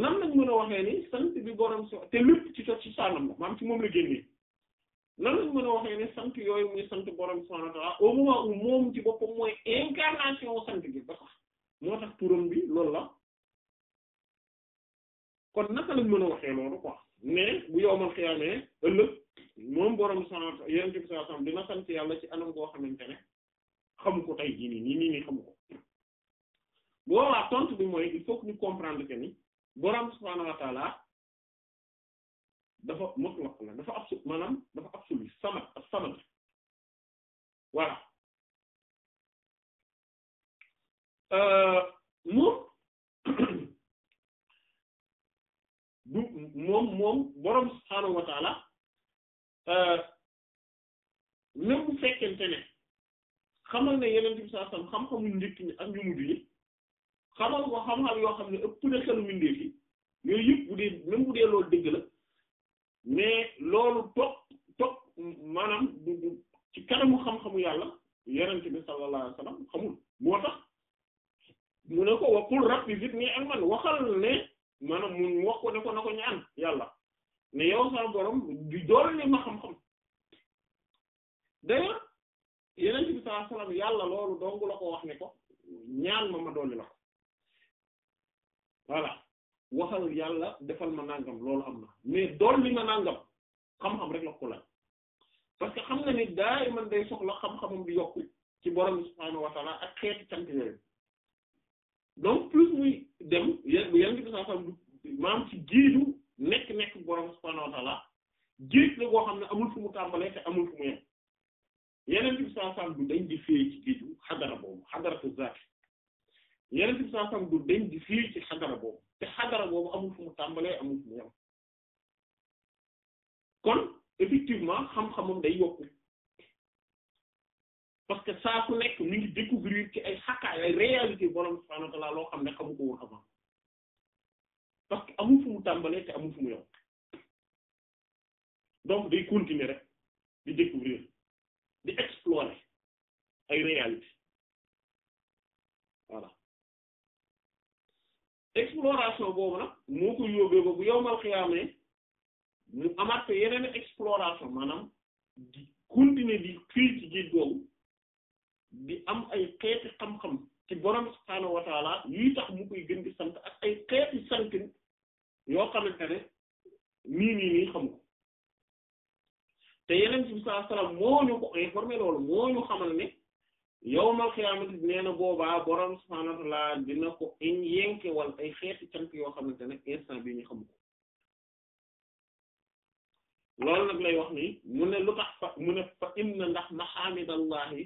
lan lañ mën a waxee ni sant bi borom so te lépp ci ci saanam la maanaam ci moom la génnee lan lañ mën a waxee ni sant yooyu muy sant borom subhanahu wa ta'ala au moment où moom ci bi ba moo tax turam bi loolu la kon naka lañ mën a waxee loolu quoi mais bu yowmal xiyaamee ëllëg moom borom subhanahu wa ta'ala yéen ci dina sant yàlla ci anam boo xamante ne. xamu ko tey jii nii nii nii xamu ko boobaa tontu bi mooy il faut que ñu comprendre que ni borom subhaanahu wa taala dafa mutlaq la dafa absolu maanaam dafa euh, moom moom moom borom subhaanahu wa euh, bu fekkente ne. xamal ne yeneen bi sallallahu alayhi wasallam xam-xamu njëkk ñi ak yu mujj yi xamal ko xam-xam yoo xam ne ëpp na xelu mbindeef yi yooyu yëpp bu dee même bu dee loolu dëgg la mais loolu topp topp maanaam ci kanamu xam-xamu yàlla yeneen bi sallallahu alayhi wasallam xamul moo tax mu ne ko wa qul rabbi zidni ilman waxal ne maanaam mu wax ko ne ko na ko ñaan yàlla ne yow sa borom dool ne ma xam-xam d'ailleurs yeneen bi sallallahu alayhi yàlla loolu dong la ko wax ne ko ñaan ma ma dolli la ko voilà waxal yàlla defal ma nangam loolu am na mais dolli ma nangam xam-xam rek la ko laaj parce que xam na ni daay man day soxla xam-xamam bi yokku ci borom subhaanahu wa ak xeeti cant yooyu donc plus muy dem yéen yéen bi sallallahu alayhi maam ci géeju nekk-nekk borom subhaanahu wa ta'ala la boo xam ne amul fu mu tàmbalee te amul fu mu yem. yeneen bi dañ di fii ci géeju xadara boobu xadaratu zaati yeneen bi saa di fii ci xadara boobu te xadara boobu amul fu mu tàmbalee amul fu mu yem kon effectivement xam-xamam day yokku parce que saa nekk ñu ngi découvrir ci ay xàqaay ay réalité borom subhanahu wa ta'ala loo xam ne xamu ko woon avant parce que amul fu mu tàmbalee te amul fu mu yem donc day continuer di découvrir di explorer ay réalités voilà exploration boobu nag moo ko yóbbee ba bu yowmal xiyaamee mu amaat ko yeneen exploration maanaam di continuer di fii ci géej googu di am ay xeeti xam-xam ci borom subhaanahu wa taala yuy tax mu koy gën di sant ak ay xeeti sant yoo xamante ne nii xamu ko te yeneen bi sallallahu alayhi wasallam moo ñu ko informé loolu moo ñu xamal ne yawmal qiyaamati nee na boobaa borom dina ko in yenkewal ay xeeti cant yoo xamante ne instant bi ñu xam ko lay wax ni mu ne lu tax fa mu ndax maxaamidallahi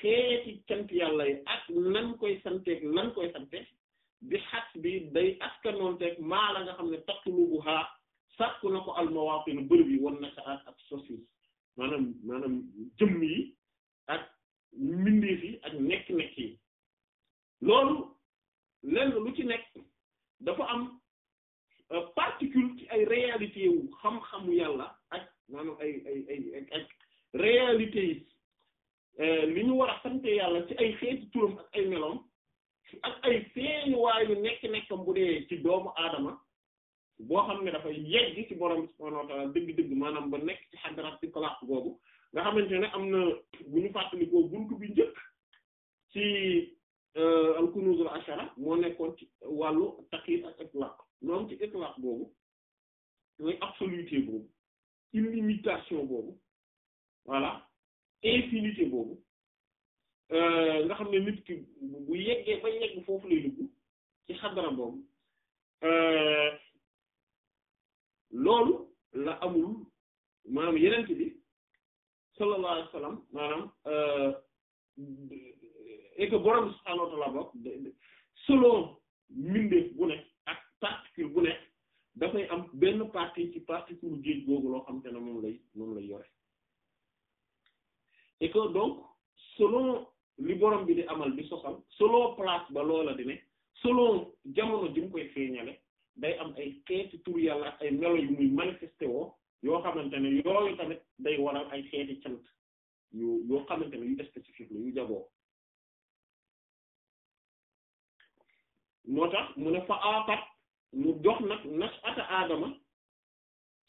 xeeti cant yàlla yi ak nan koy santeeg nan koy sante bi xas bi day askanoonteeg maa la nga xam ne taqlubuha sàkku na ko almawaatin bërëb yi wan nasaat ak sos yi maanaam maanaam jëmm yi ak mbindeef yi ak nekk-nekk yi loolu lenn lu ci nekk dafa am euh, particule ci ay réalité wu xam-xamu yàlla ak maanaam ay ay ay ak réalité yi euh, li ñu war a sante yàlla ci ay xeeti turam ak ay meloom ak ay feeñuwaayu nekk-nekkam bu dee ci doomu aadama boo xam ne dafay yegg ci borom subhaanahu wa ta'aala dëgg-dëgg maanaam ba nekk ci xadaraat ci kalaax boobu nga xamante ne am na bu ñu fàttalikoo buntu bi njëkk euh, al-Kunûz al moo nekkoon ci wàllu taqyid ak itlaq moom ci itlaq boobu mooy absoluté boobu illimitation boobu voilà infinité boobu euh, nga xam ne nit ki bu yeggee ba yegg foofu lay dugg ci xadara boobu. Euh, loolu la amul maanaam yeneen bi sallallahu alayhi wa sallam maanaam euh, et que borom subhaanahu wa dafay am benn partie ci particule loo xam te moom lay moom lay yore et que donc selon li borom bi di amal di sosal selon place ba loola di solo selon jamono ji mu koy feeñale day am ay xeeti tur yàlla ak ay melo yu muy manifesté woo yoo xamante ne yooyu tamit day waral ay xeeti cant yu yoo xamante ne yu spécifique la yu jagoo moo tax mu ne fa aatat mu jox nag nas ata aadama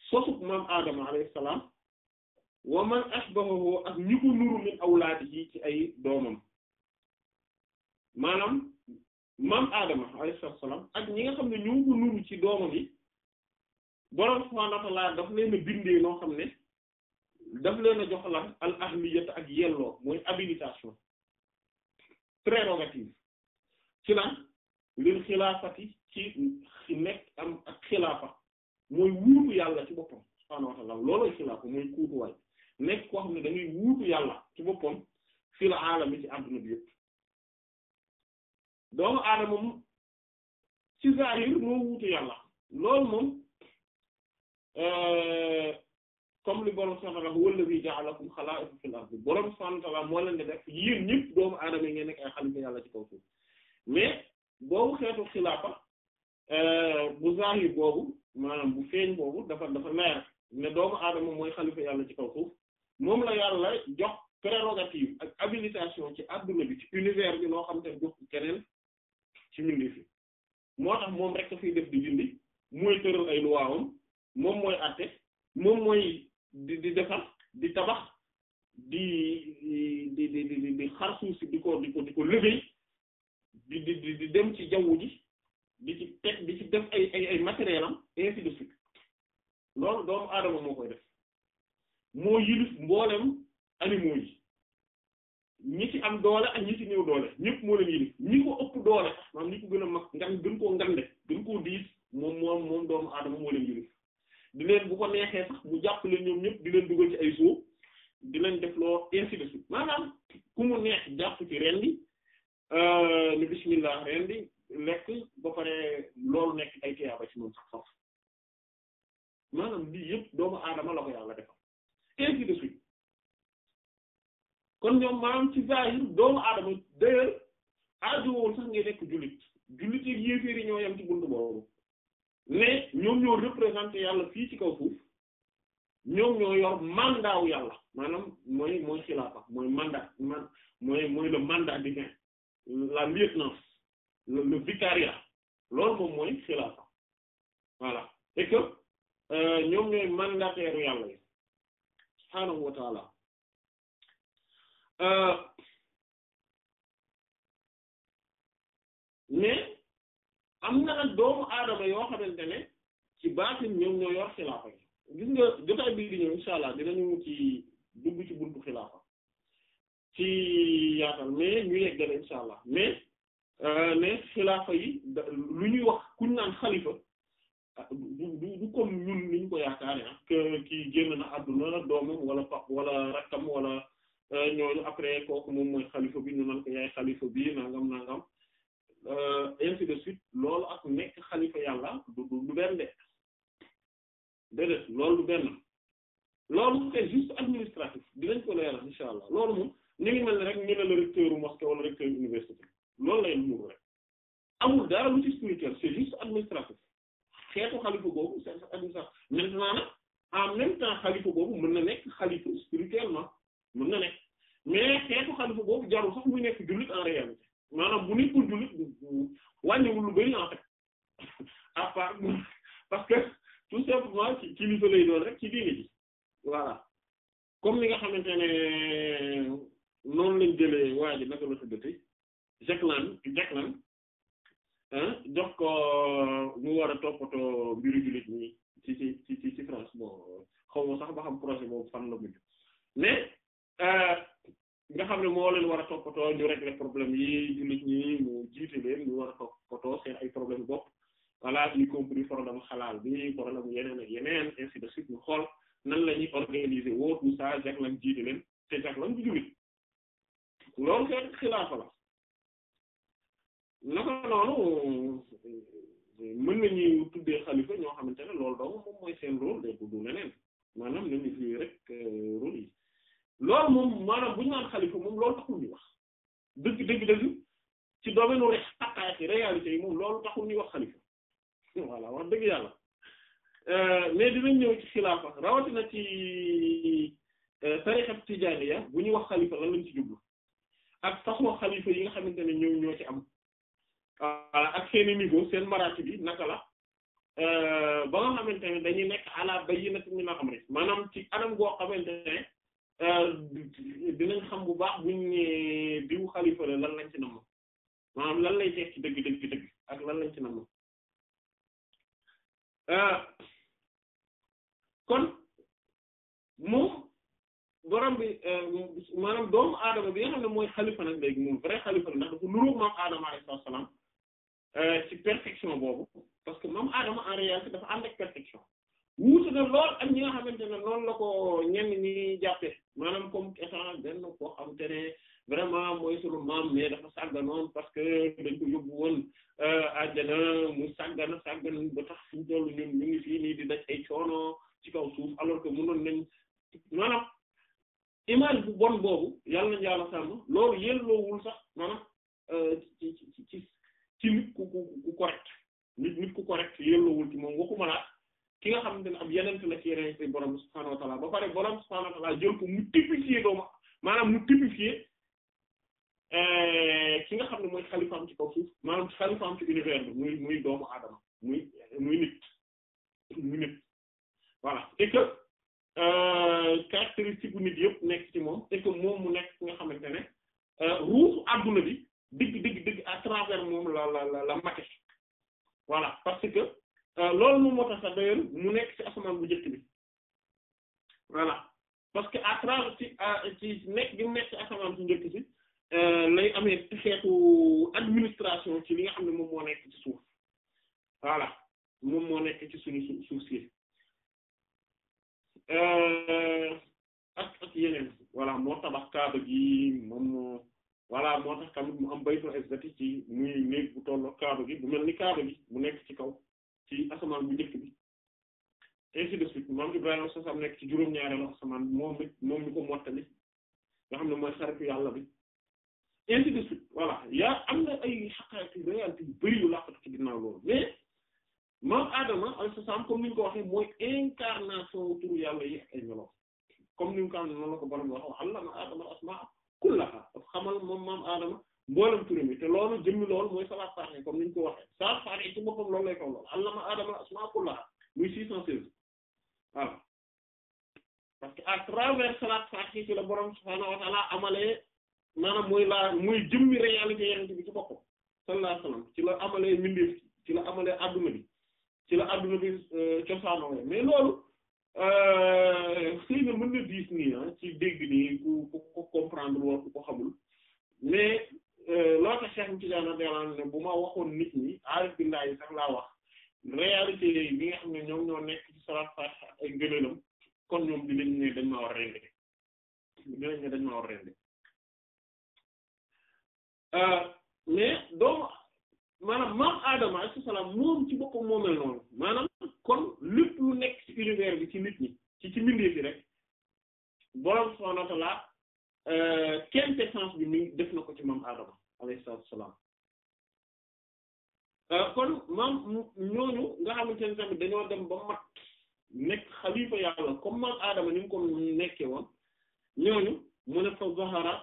sosub maam aadama alayhi salaam wa man asbahahu ak ñi ko nuru min awlaadihi ci ay doomam maanaam maam aadama alayhi salaam ak ñi nga xam ne ñoo ko ci doomam yi borom subhaanahu wa ta'aala daf leen bindee noo xam ne daf leen a jox la al ahliyat ak yelloo mooy habilitation prérogative ci la lil xilaafati ci nekk am ak xilaafa mooy wuutu yàlla ci boppam subhaanahu wa ta'aala loolooy xilaafa mooy kuutuwaay nekk koo xam ne da ngay wuutu yàlla ci boppam fil aalami ci àdduna bi yëpp. doomu aadama moom ci zahir moo wuute yàlla loolu moom euh, comme li borom subhanahu wa ta'ala wallazi ja'alakum xalaa'ifa fil ardi borom subhanahu wa ta'ala moo leen di def yéen ñëpp doomu aadama yi ngeen nekk ay xalifa yàlla ci kaw suuf mais boobu xeetu xilaafa euh, bu zahir boobu maanaam bu feeñ boobu dafa dafa leer ne doomu aadama mooy xalifa yàlla ci kaw suuf moom la yàlla jox prérogative ak habilitation ci adduna bi ci univers bi loo xam te jox ko keneen ci mbindi fi moo tax moom rek dafay def di dindi mooy tëral ay luwaawam moom mooy àtte moom mooy di di defar di tabax di di di di di xar suuf di ko di ko di ko liggéey di di di dem ci jaww ji di ci teg di ci def ay ay ay matériel am ainsi de suite loolu doomu aadama moo koy def moo yilif mboolem animaux yi ñi ci am doole ak ñi ci néew doole ñëpp moo leen yilif ñi ko ëpp doole maanaam ñi ko gën a mag nga gën koo ngande gën koo diis moom moom moom doomu aadama moo leen yilif di leen bu ko neexee sax mu jàpp leen ñoom ñëpp di leen dugal ci ay soo di leen def loo maanaam ku mu neex jàpp ci rendi euh, ni bismillah ba pare loolu nekk ay tiyaaba ci moom sax sax maanaam lii yëpp doomu aadama la ko yàlla defal ainsi de suite kon ñoom maanaam ci zahir doomu aadama d'ailleurs aajowul sax ngay nekk jullit jullit yi yéeféer yi ñoo yem ci buntu boobu mais ñoom ñoo représenter yàlla fii ci kaw suuf ñoom ñoo yor mandat yàlla maanaam mooy mooy xilaafa mooy mandat man mooy mooy le mandat divin la lieutenance le, le vicariat loolu moom mooy xilaafa voilà et euh, ñoom ñooy mandataire yàlla yi subhaanahu wa Euh, mais am na nag doomu aadama yoo xamante ne ci baatin ñoom ñoo yor xilaafa yi gis nga jotaay bii di ñëw insha allah dinañu ci dugg ci buntu xilaafa ci yaatal mais ñu yeggale insha allah mais ne euh, xilaafa yi lu ñuy wax kuñ naan xalifa ah, du du comme ñun niñ ko yaakaare ah que génn na àdduna la doomam wala pap wala rakkam wala Euh, ñooñu après kooku moom mooy xalifa bi ñu naan yaay xalifa bi nangam nangam euh, ainsi loolu ak nekk xalifa yàlla du du benn de déedéet loolu du benn loolu c'est juste administratif dinañ ko leeral incha allah loolu moom ni ngi mel ne rek ñu ne la recteur mosquée wala recteur université loolu lay nuru rek amul dara lu ci spirituel c'est juste administratif xeetu xalifa boobu c'est administratif maintenant nag en même temps xalifa boobu mën na nekk xalifa spirituellement mën na nekk mais xeetu xalifa boobu jarul sax muy nekk jullit en réalité maanaam bu nekkul jullit wàññiwul lu bari en fait parce que tout simplement ci kilifa lay rek ci diine ji voilà comme ni nga xamante ne noonu lañ jëlee waa ji naka la tuddati Jacqueline Jacqueline jox ko mu war a toppatoo mbiru jullit ñi ci ci ci ci France bon xaw ma sax ba xam projet boobu fan la mais. Euh, nga xam ne moo leen war a toppatoo ñu régler problème yi jullit ñi mu jiite leen ñu war a toppatoo seen ay problème bopp voilà y compris problème xalaal bi problème yeneen ak yeneen ainsi de suite ñu xool nan la ñuy organiser woo tout ça jaglan jiite leen te jaglan bu jullit loolu seen xilaafa la naka noonu mën nañu tuddee xalifa ñoo xamante ne loolu lool moom mooy seen rôle de du leneen maanaam nañu fi rek euh, rôle yi loolu moom maanaam bu ñu naan xalifa moom loolu taxul ñu wax dëgg dëgg dëgg ci domaine wu xaqaax yi yi moom loolu taxul ñu wax xalifa voilà wax dëgg yàlla euh, mais dinañ ñëw ci xilaafa rawatina ci euh, tarixa tijaaniya bu ñu wax xalifa lan lañ ci jublu ak façon xalifa yi nga xamante ne ñoo ñoo ci am ak seeni niveau seen maraati bi naka la euh, ba nga xamante ne dañuy nekk ala bayyinati min al-amri maanaam ci anam boo xamante ne Euh, dinañ xam bu baax buñ ne diw xalifa la lañ ci nam maanaam lan lay tekki dëgg dëgg dëgg ak lan lañ ci nam euh, kon moom borom bi euh, maanaam doomu aadama bi nga xam ne mooy xalifa nag léegi moom vrai xalifa la ndax dafa nuróo maam aadama alayhi salaam ci perfection boobu parce que maam aadama en dafa ànd ak perfection wuute na lool ak ñi nga xamante ne noonu la ko ñenn ni jàppee maanaam comme état benn koo xam te ne vraiment mooy sunu maam mais dafa sàgganoon parce que dañ ko yóbbu woon euh, àjjana mu sàggana sàggan ba tax suñu toll ñun ñu ngi fii nii di daj ay coono ci kaw suuf alors que mënoon nañ maanaam image bu bon boobu yàlla nañu yàlla sàmm loolu yelloowul sax maanaam euh, ci ci ci ci nit ku ku correct nit ku correct yelloowul ci moom waxuma laa ki nga xamante ne ab yeneen la ci yeneen ci borom subhaanahu wa ta'ala ba pare borom subhaanahu wa ta'ala jël ko mu typifié doomu maanaam eh, nga xam ne mooy xalifaam ci maanaam xalifaam ci bi muy muy doomu aadama muy muy nit muy nit voilà et que euh, caractéristique bu nit yëpp nekk ci moom et que moom mu nekk ki nga xamante ne euh, ruuxu adduna bi dig digg digg à travers moom la la la la mate voilà parce que. loolu moom moo tax sax mu nekk ci asamaan bu njëkk bi voilà parce que à travers ci ci nekk gi mu nekk ci asamaan bu njëkk bi euh, lay amee xeetu administration ci li nga xam ne moom moo nekk ci suuf voilà moom moo nekk ci suñu su suuf si euh, ak ak yeneen voilà moo tabax kaaba gi moom moo voilà moo tax tamit mu am baytul izzati ci muy néeg bu tollo kaaba gi bu mel ni kaaba gi bu nekk ci kaw ci asamaan bu njëkk bi ainsi de suite maam Ibrahima sos am nekk ci juróom-ñaareelu asamaan moom it moom ñu xaritu yàlla bi ainsi de suite voilà yaa am na ay xaqaat yu réalité yu bëri yu làqatu ci ginnaaw loolu mais maam Adama alayhi salaam comme ni ko waxee mooy incarnation turu yàlla yi ay melo comme ni mu ko am noonu la ko borom wax allama Adama asmaa kullaha xamal moom maam Adama. mboolem turam yi te loolu jëmmi loolu mooy salaat faare comme ni ñu ko waxee salaat faare ci boppam loolu lay taw loolu allama adama asmaa kullaha muy six cent seize waaw parce que à travers salaat faare ci la borom subhaanahu wa ta'ala amalee maanaam mooy laa mooy jëmmi réalité ci boppam sallallahu alayhi ci la amalee mbindeef ci la amalee adduna bi ci la adduna bi euh, cosaanoo mais loolu euh, xëy na mën na diis nii ah ci dégg nii ku ku ko comprendre wala ku ko xamul Euh, loo tax Cheikh Tidiane radiyallahu anhu ne bu ma waxoon nit ñi aarif billah yi sax laa wax réalité yi bi nga xam ne ñoom ñoo nekk ci salat fat ay ngëneelam kon ñoom di lañ ne dañ maa war rendi dinañ ne dañ ma war rendi euh, mais doomu maanaam maam Adama alayhi salaam moom ci boppam moo noonu maanaam kon lépp lu nekk ci univers ci nit ñi ci ci mbindeef yi rek boroom subhaanahu wa Euh, quintessence bi def na ko ci maam Adama alayhi salaatu salaam euh, kon maam ñooñu nga xamante ne tamit dañoo dem ba mat nekk xalifa yàlla comme maam Adama ni ko nekkee woon ñooñu mu ne fa zahara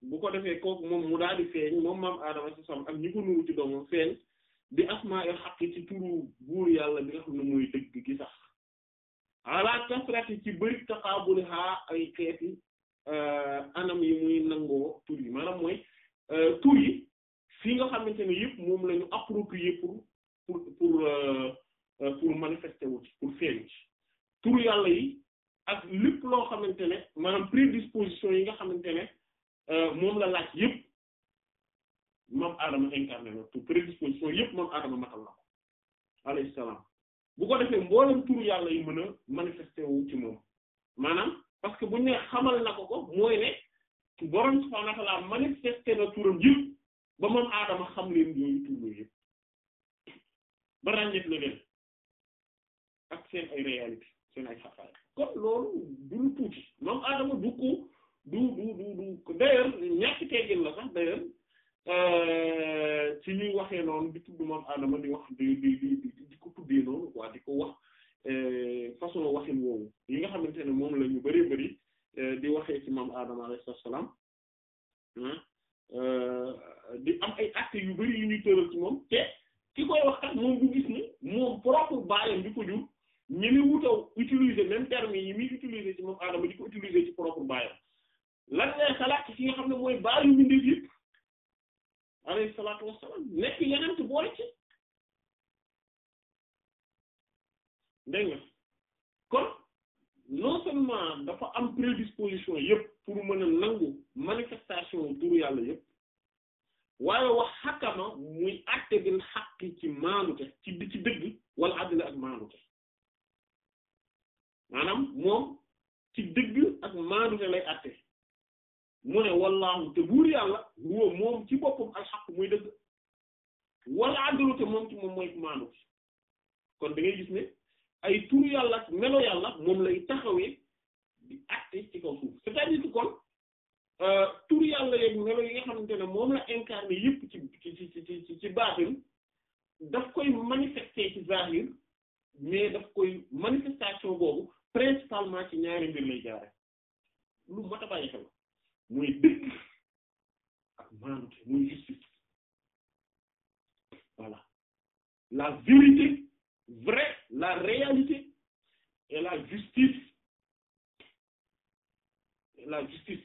bu ko defee kooku moom mu daal di feeñ moom maam Adama ci sam ak ñi ko nuru ci doomam feeñ bi asmaa'il haqq ci turu buur yàlla bi nga xam ne mooy dëgg gi sax ala kasrati ci bëri taqaabuli haa ay xeeti Euh, anam yi muy nangoo tur yi maanaam mooy euh, tur yi fii nga xamante ne yëpp moom lañu ñu approprier pour pour pour euh, pour manifester wu ci pour feeñ ci tur yàlla yi ak lépp loo xamante ne maanaam prédisposition yi nga xamante ne moom la laaj yëpp man Adama incarné na tur prédisposition yëpp moom Adama matal na ko alayhi salaam bu ko defee mboolem tur yàlla yi mën a manifester wu ci moom maanaam. parce que bu ñu nee xamal na ko ko mooy ne borom subhaanahu wa ta'aala manifesté na turam yëpp ba moom aadama xam leen yooyu tur yëpp ba ràññeet na leen ak seen ay réalité seen ay xaqaay kon loolu du lu tuuti moom aadama du ko du du du du ñàkk teggin la sax d'ailleurs euh, ci ñuy waxee noonu di tudd moom aadama di wax di di di di ko tuddee noonu quoi di ko wax Euh, façon waxin woowu yi nga xamante ne moom la ñu bari bari euh, di waxee ci maam Adama alayhi salaam euh, di am ay actes yu bari yu ñuy tëral ci moom te ki koy wax kat moom bu gis ni moom propre baayam bi ko jur ñu ngi wutaw utiliser même terme yi muy utiliser ci maam Adama di ko utiliser ci propre baayam lan ngay xalaat ci nga xam ne mooy baayu mbindeef yëpp alayhi salaatu wassalaam nekk yeneen boole ci. dégg nga kon non seulement dafa am prédisposition yëpp pour mën nangu manifestation turu yàlla yëpp waaye wax xakama muy àtte bil xaqi ci maanute ci dëgg wala àddina ak maanute maanaam moom ci dëgg ak maanute lay àtte mu ne wallaahu te buur yàlla huwa moom ci boppam alxaq muy dëgg wala àddilu te moom ci moom mooy maanute kon da gis ne ay turu yàlla ak melo yàlla moom lay taxawee di acté ci kaw suuf c'est-à-dire que kon euh, turu yàlla yeeg melo yi nga xamante ne moom la incarné yëpp ci ci ci ci ci baatin daf koy manifester ci zahir mais daf koy manifestation boobu principalement ci ñaari mbir lay jaare lu mat a bàyyi dëkk ak maanute muy justice voilà la vérité vrai, la réalité et la justice, et la justice,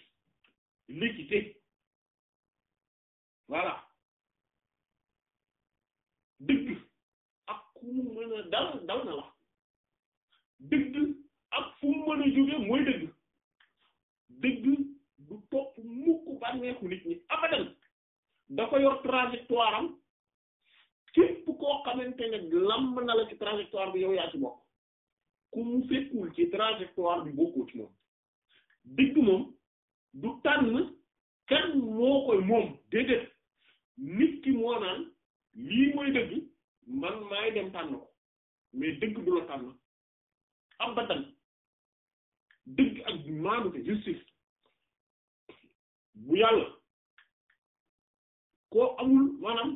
l'équité. Voilà. dëgg ak fu mu mën a dal dal na la dëgg ak fu mu mën a jóge mooy dëgg dëgg du topp mukk bànneexu nit ñi abadan da ko yor trajectoire am képp koo xamante ne lamb na la ci trajectoire bi yow yaa ci bokk ku mu fekkul ci trajectoire bi bokkoo ci moom digg moom du tànn kenn moo koy moom déedéet nit ki moo naan lii mooy dëgg man maay dem tànn ko mais dëgg du la tànn abadan dëgg ak maanute justice bu yàlla koo amul maanaam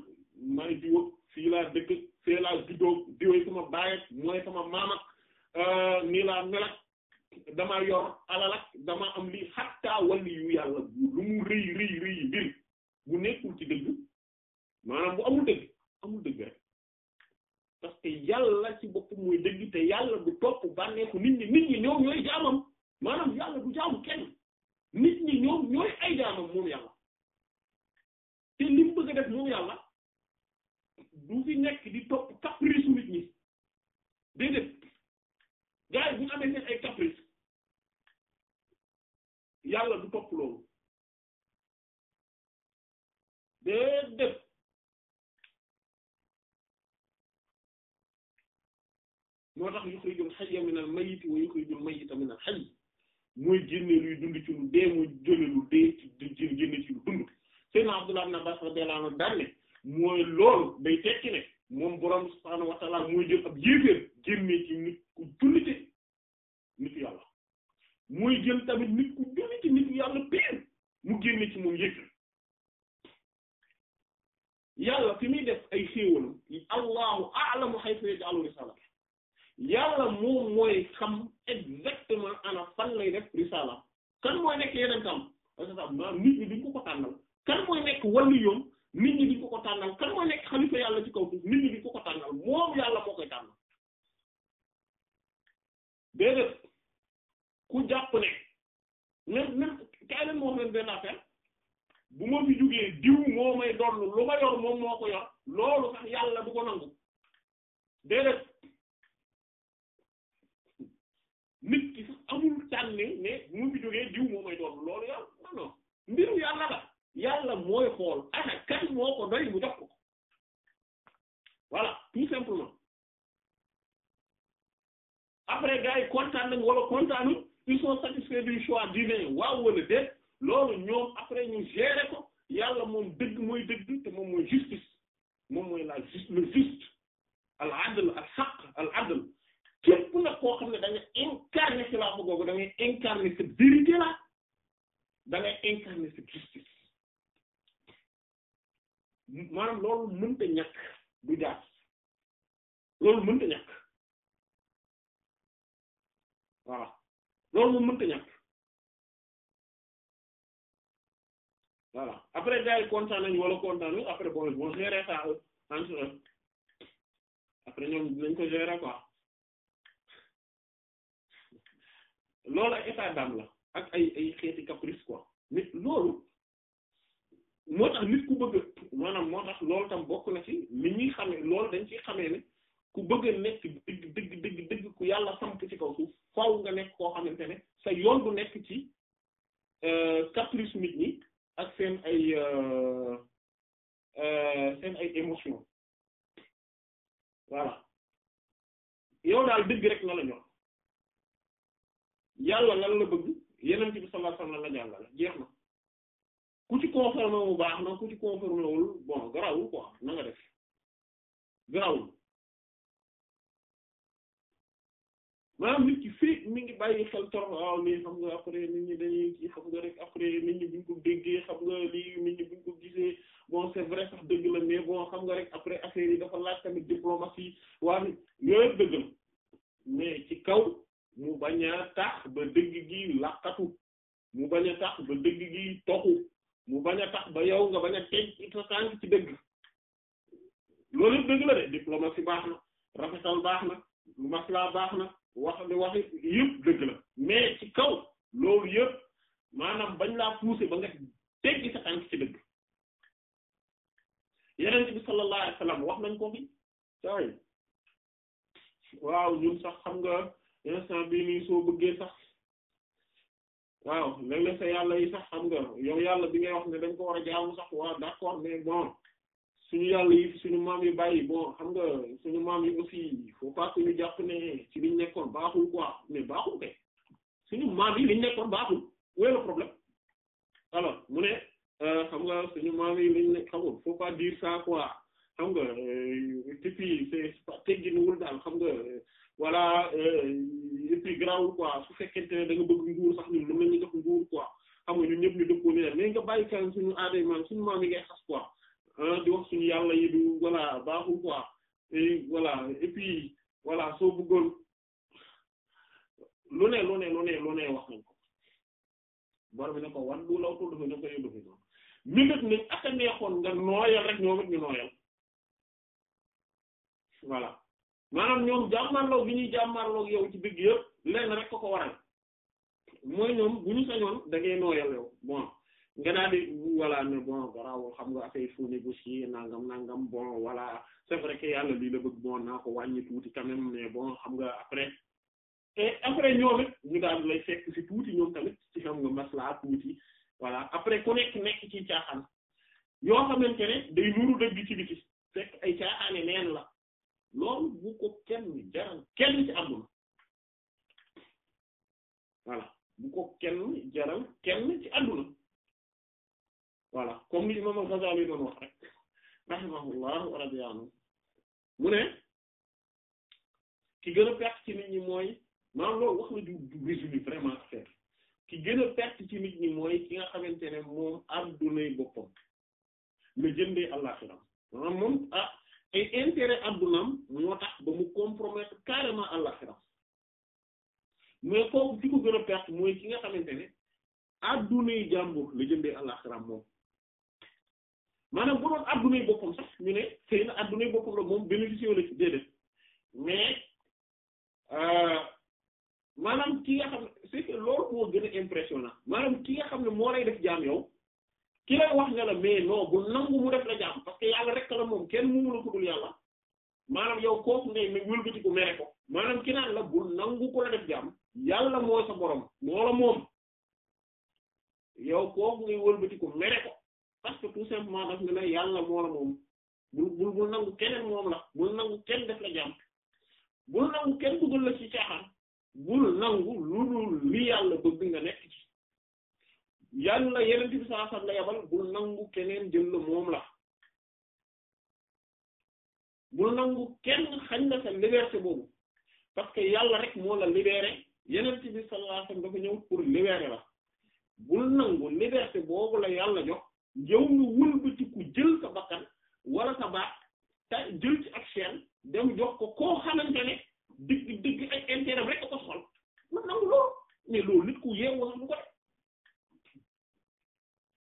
maay diwa fii laa dëkk fee laa juddoo diwee sama baay mooy sama maam ak euh, nii laa mel dama yor alal dama am lii xattaa wàllu yu yàlla lu mu rëy rëy rëy mbir bu nekkul ci dëgg maanaam bu amul dëgg amul dëgg rek parce yàlla ci bopp mooy dëgg te yàlla du topp bànneexu nit ñi nit ñi ñoom ñooy jaamam maanaam yàlla du jaamu kenn nit ñi ñoom ñooy ay jaamam moom yàlla te li mu def moom yàlla du fi nekk di topp caprice nit ñi déedéet gars bu amé amee seen ay caprice yàlla du topp loolu déedéet moo tax yuxrijul min al mayit wa jom mayit min al hayy moy jenne luy dund ci lu dé mo jële lu dé ci jenne ci lu dund Seydina Abdullah ibn Abbas radiyallahu anhu daan ne mooy loolu day tekki ne moom borom subhaanahu wa mooy jël ab yéeféer génnee ci nit ku jullite nitu yàlla mooy jël tamit nit ku jullite nitu yàlla pire mu génne ci moom yéeféer yàlla fi muy def ay xéewalam allahu a'lamu haythu yaj'alu risala yàlla moom mooy xam exactement ana fan lay def risala kan mooy nekk yeneen tam nit ñi duñ ko ko tànnal kan mooy nekk wàllu yoon nit ñi di ko ko tànnal kan moo nekk xalifa yàlla ci kaw suuf nit ñi di ko ko tànnal moom yàlla moo koy tànnal déedéet ku jàpp ne même même kay leen moo leen benn affaire bu ma fi jógee diw moo may donn lu ma yor moom moo ko yor loolu sax yàlla du ko nangu déedéet nit ki sax amul tànne ne bu ma fi jógee diw moo may donn loolu yor mbiru yàlla la yàlla mooy xool ana kan moo ko doy mu jox ko voilà tout simplement après gars yi kontaan nañ wala kontaanul ils sont satisfaits du choix divin waaw wala déet loolu ñoom après ñu gérer ko yàlla moom dëgg mooy dëgg te moom mooy justice moom mooy la juste le juste al adl al haqq al adl képp nag koo xam ne da nga incarner laa fa googu da ngay incarner cette vérité là da ngay justice maanaam loolu mënta du jaas loolu mënta ñàkk loolu moom mënta ñàkk voilà après gars yi kontaan nañu wala kontaan nañu bon bon gérer ça entre eux après ñoom dinañ ko gérer quoi loolu ak état d'âme la ak ay ay xeeti caprice quoi mais loolu. motax nit ku bëgg maanaam motax tax loolu tam bokku na ci ni ñi xamé loolu dañ ci xamé ni ku bëgg nekk dëgg dëgg dëgg dëgg ku yalla samp ci kaw suuf faaw nga nekk ko xamantene sa yoon du nekk ci euh, caprice nit ñi ak seen ay euh, euh seen ay émotion voilà yow dal dëgg rek na la ñor yalla lan la bëgg yeneen bi sallallahu alayhi wasallam la jàngale jeex ku ci conforme wu baax na ku ci conforme wul bon garawul quoi na nga def garawul maanaam nit ki fii mi ngi bàyyi xel trop waaw mais xam nga après nit ñi dañuy kii xam nga rek après nit ñi buñ ko déggee xam nga lii nit ñi buñ ko gisee bon c'est sax dëgg la mais bon xam nga rek après affaire yi dafa laaj tamit diplomatie waa yooyu dëgg la mais ci kaw mu bañ a tax ba dëgg gi laqatu mu bañ a tax ba dëgg gi toxu mu bañ a tax ba yow nga bañ a teg sa ci dëgg loolu dëgg la de diplomatie baax na rafetal baax na maslaa baax na wax ni waxi yëpp dëgg la mais ci kaw loolu yëpp maanaam bañ laa pousser ba nga teggi sa tànk ci dëgg yeneen bi sallallahu alayhi wasallam wax nañ ko fi saa waaw ñun sax xam nga soo bëggee sax waaw léeg-léeg sa yàlla yi sax xam nga yow yàlla bi ngay wax ne dañ ko war a jaamu sax waaw d'accord mais bon suñu yàlla yi suñu maam yi bàyyi bon xam nga suñu maam yi aussi il faut pas que ñu ci liñ nekkoon baaxul quoi mais baaxul suñu maam yi liñ nekkoon baaxul où est problème alors mu ne euh, xam nga suñu maam yi liñ nekk xam nga faut pas dire ça quoi xam nga euh, et puis c'est daal xam nga. voilà euh, et puis grawul quoi su fekkente ne da bëgg nguur sax ñun mën nañu jox nguur quoi xam nga ñëpp ñu dëppoo ne mais nga bàyyi kan suñu aaday maam suñu maam ne lu ne lu bi ne ko wan du law nooyal rek ñoom it ñu nooyal voilà maanaam ñoom jàmmarloo bi ñuy jàmmarloo yow ci dëgg yëpp lenn rek ko ko waral mooy ñoom bu ñu sañoon da ngay nooyal yow bon nga naa di voilà ne bon garaawul xam nga affaire faut négocier nangam nangam bon voilà c'est vrai que yàlla lii la bëgg bon naa ko wàññi tuuti quand même mais bon xam nga après et après ñoom ñu daal lay fekk ci tuuti ñoom tamit ci xam nga maslaa tuuti voilà après ku nekk nekk ci caaxaan yoo xamante ne day nuru dëgg ci biti fekk ay caaxaane loolu bu ko kenn jaral kenn ci àdduna voilà bu ko kenn jaral kenn ci àdduna voilà comme li imam al doon wax rek rahimahullah wa mu ne ki gën a perte ci nit ñi mooy maanaam loolu wax la du résumé vraiment affaire ki gën a ci nit ñi mooy ki nga xamante ne moom àddunay boppam la jëndee àllaxiram maanaam moom ah ay intérêt addunaam moo tax ba mu compromettre carrément àllaxira mais foofu ci ko gën a perte mooy ki nga xamante ne addunay jàmbur la jëndee àllaxira moom maanaam bu doon addunay boppam sax ñu ne xëy na addunay boppam la moom bénéficié la ci déedéet mais euh, maanaam ki nga xam ne c'est que loolu moo gën a impressionnant maanaam ki nga xam ne moo lay def jaam yow ki lay wax ne la mais non bu nangu mu def la jàmm parce que yàlla rek la moom kenn mu la ko dul yàlla maanaam yow kooku ngay wëlbati ko mere ko maanaam ki naan la bu nangu ko la def jàmm yàlla mooy sa borom moo la moom yow kooku nangu keneen moom la bul nangu kenn def la jàmm bul nangu kenn dugal la ci caaxaan bul nangu lu dul li yàlla bëgg nga nekk ci. yàlla yeneen bi saa sax la yabal bul nangu keneen jël la moom la bul nangu kenn xañ la sa liberté boobu parce que yàlla rek moo la libéré yeneen bi sallallahu dafa ñëw pour libérer la bul nangu liberté boobu la yàlla jox yow nga wëlbatiku jël sa bakkan wala sa baat jël ci ak chaîne dem jox ko koo xamante ne dëgg dëgg ay intérêt rek a ko xol man nangu loolu mais loolu nit ku yeewu sax du ko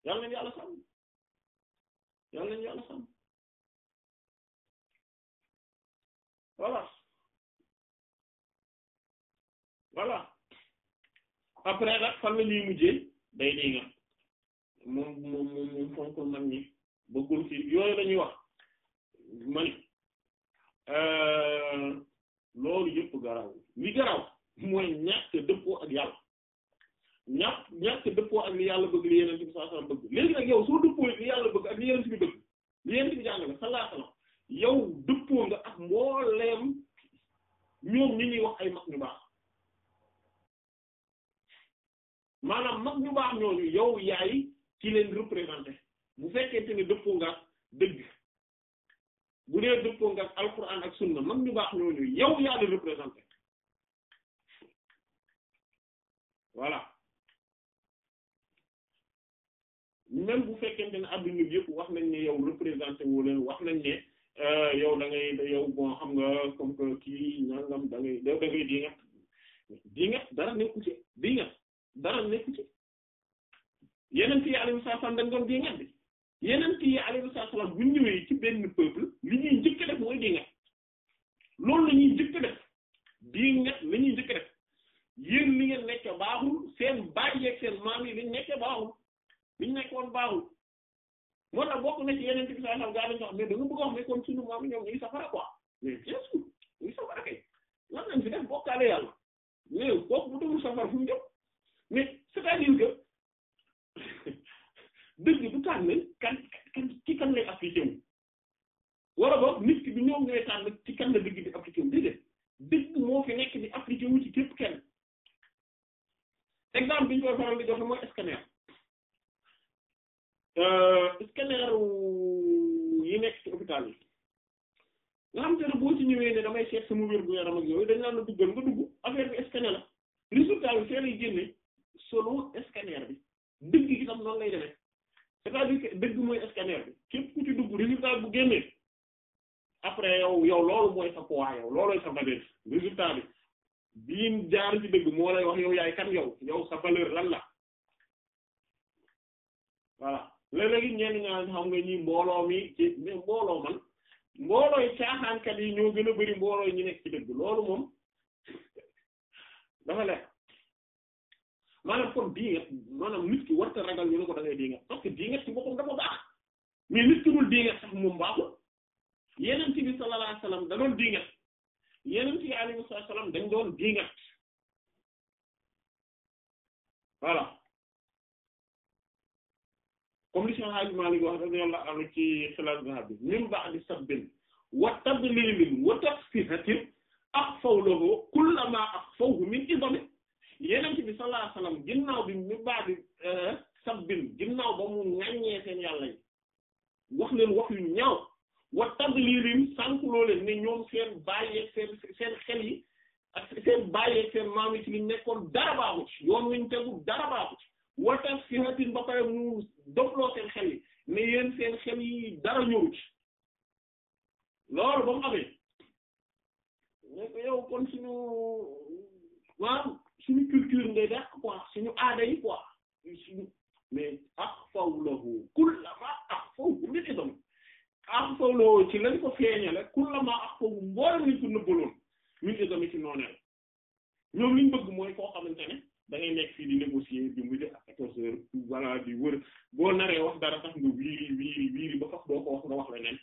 yàlla nañu yàlla sàmm yàlla nañu yàlla sàmm voilà voilà après nag fan la ñuy day day nga moom moom moom moom fonk ñi bëggul ci yooyu lañuy wax man euh, loolu yëpp garaw li garaw mooy ñàkk dëppoo ak yàlla ñàkk ñàkk dëppoo ak li yàlla bëgg li yeneen bi sallallahu alayhi wasallam bëgg léegi nag yow soo dëppoo li yàlla bëgg ak li yeneen bi bëgg li yeneen bi jàngale sallallahu alayhi wasallam dëppoo nga ak mbooleem ñoom ñi ñuy wax ay mag ñu baax maanaam mag ñu baax ñooñu yow yaay ci leen représenté bu fekkente ne dëppoo nga dëgg bu dee dëppoo nga ak alquran ak mag ñu baax ñooñu yow yaa leen représenté voilà même bu fekkente ne adduna bi yëpp wax nañ ne yow représenté woo leen wax nañ ne euh, yow da ngay yow bon xam nga comme que kii nangam da da ngay di ngat di ngat dara nekku ci di ngat dara nekku ci yeneen yi alayhi salaam dañ di ngat bi yeneen yi alayhi salaam bu ñëwee ci benn peuple li ñuy njëkk def mooy di ngat loolu la ñuy njëkk def di ngat la ñuy njëkk def yéen li ngeen nekke baaxul seen baay seen maam yi liñ nekke baaxul biñ nekkoon baaxul moo tax bokk na ci yeneen ci saa yi gaa dañu wax mais da nga bëgg a wax ñoom ñuy safara quoi mais bien sûr ñuy safara kay lan lañ fi def bokkaale yàlla mais kooku bu dugul safara fu mu mais c'est-à-dire que dëgg du tànn kan kan ci kan lay appliqué wu. wala nit ki bi ñoom ñooy tànn ci kan la dëgg di appliqué wu déedéet dëgg moo fi nekk di appliqué ci képp kenn exemple bi ñu koy faral di joxe mooy scanner. Euh, scanner yi nekk ci hôpital yi nga xam te ne ci ñëwee ne damay seet sama wér gu yaram ak yooyu dañ naan la duggal nga dugg affaire bi scanner la résultat bi seen yi génne solo scanner bi dëgg gi tam noonu lay demee cest à dëgg mooy scanner bi képp ku ci dugg résultat bu génnee après yow yow loolu mooy sa poids yow loolooy sa valeur résultat bi biin jaar ci dëgg moo lay wax yow yaay kan yow yow sa valeur lan la voilà léeg-léeg it ñenn xam nga ñi mbooloo mbooloo man mboolooy caaxaankat yi ñoo gën a bari mboolooy ñi nekk ci dëgg loolu moom dafa leer maanaam kon diingat maanaam nit warta ragal ñu ne ko da ngay diingat parce que diingat dafa baax mais nit ki sax moom baaxul yenent bi sallallahu alayhi wasallam da doon diingat yenent bi alayhi wasallam dañ doon diingat voilà comme li Cheikh Hadji Malick wax radiyallahu anhu ci xilal bi min ba'di sabbin wa tadlilin wa tafsihatin axfaw lahu kullama axfawhu min idami yeneen bi sallallahu alayhi wasallam ginnaaw bi min ba'di eh, sabbin ginnaaw ba mu ŋaññee seen yàlla yi wax leen wax yu ñaaw wa tadlilin sànkuloo leen ne ñoom seen bàyyeeg seen seen xel yi ak seen bàyyeeg seen maam yi ci li nekkoon dara baaxu ci yoon wi ñu tegu dara baaxu ci wataas fi hatin ba pare mu dobloo seen xel yi ne yéen seen xel yi dara ñëwut loolu ba mu amee ne ko yow kon suñu maanaam suñu culture ngay dàq quoi suñu aada yi quoi suñu mais axfaw lahu kullama axfawhu min ism axfaw lahu ci lañ ko feeñale kullama axfaw mboolem lañ ko nëbbaloon min ism ci nooneel ñoom liñ bëgg mooy koo xamante ne da ngay nekk fii di négocier di midi wër boo naree wax dara tax nga wiiri wiiri ba sax doo ko wax nga wax leneen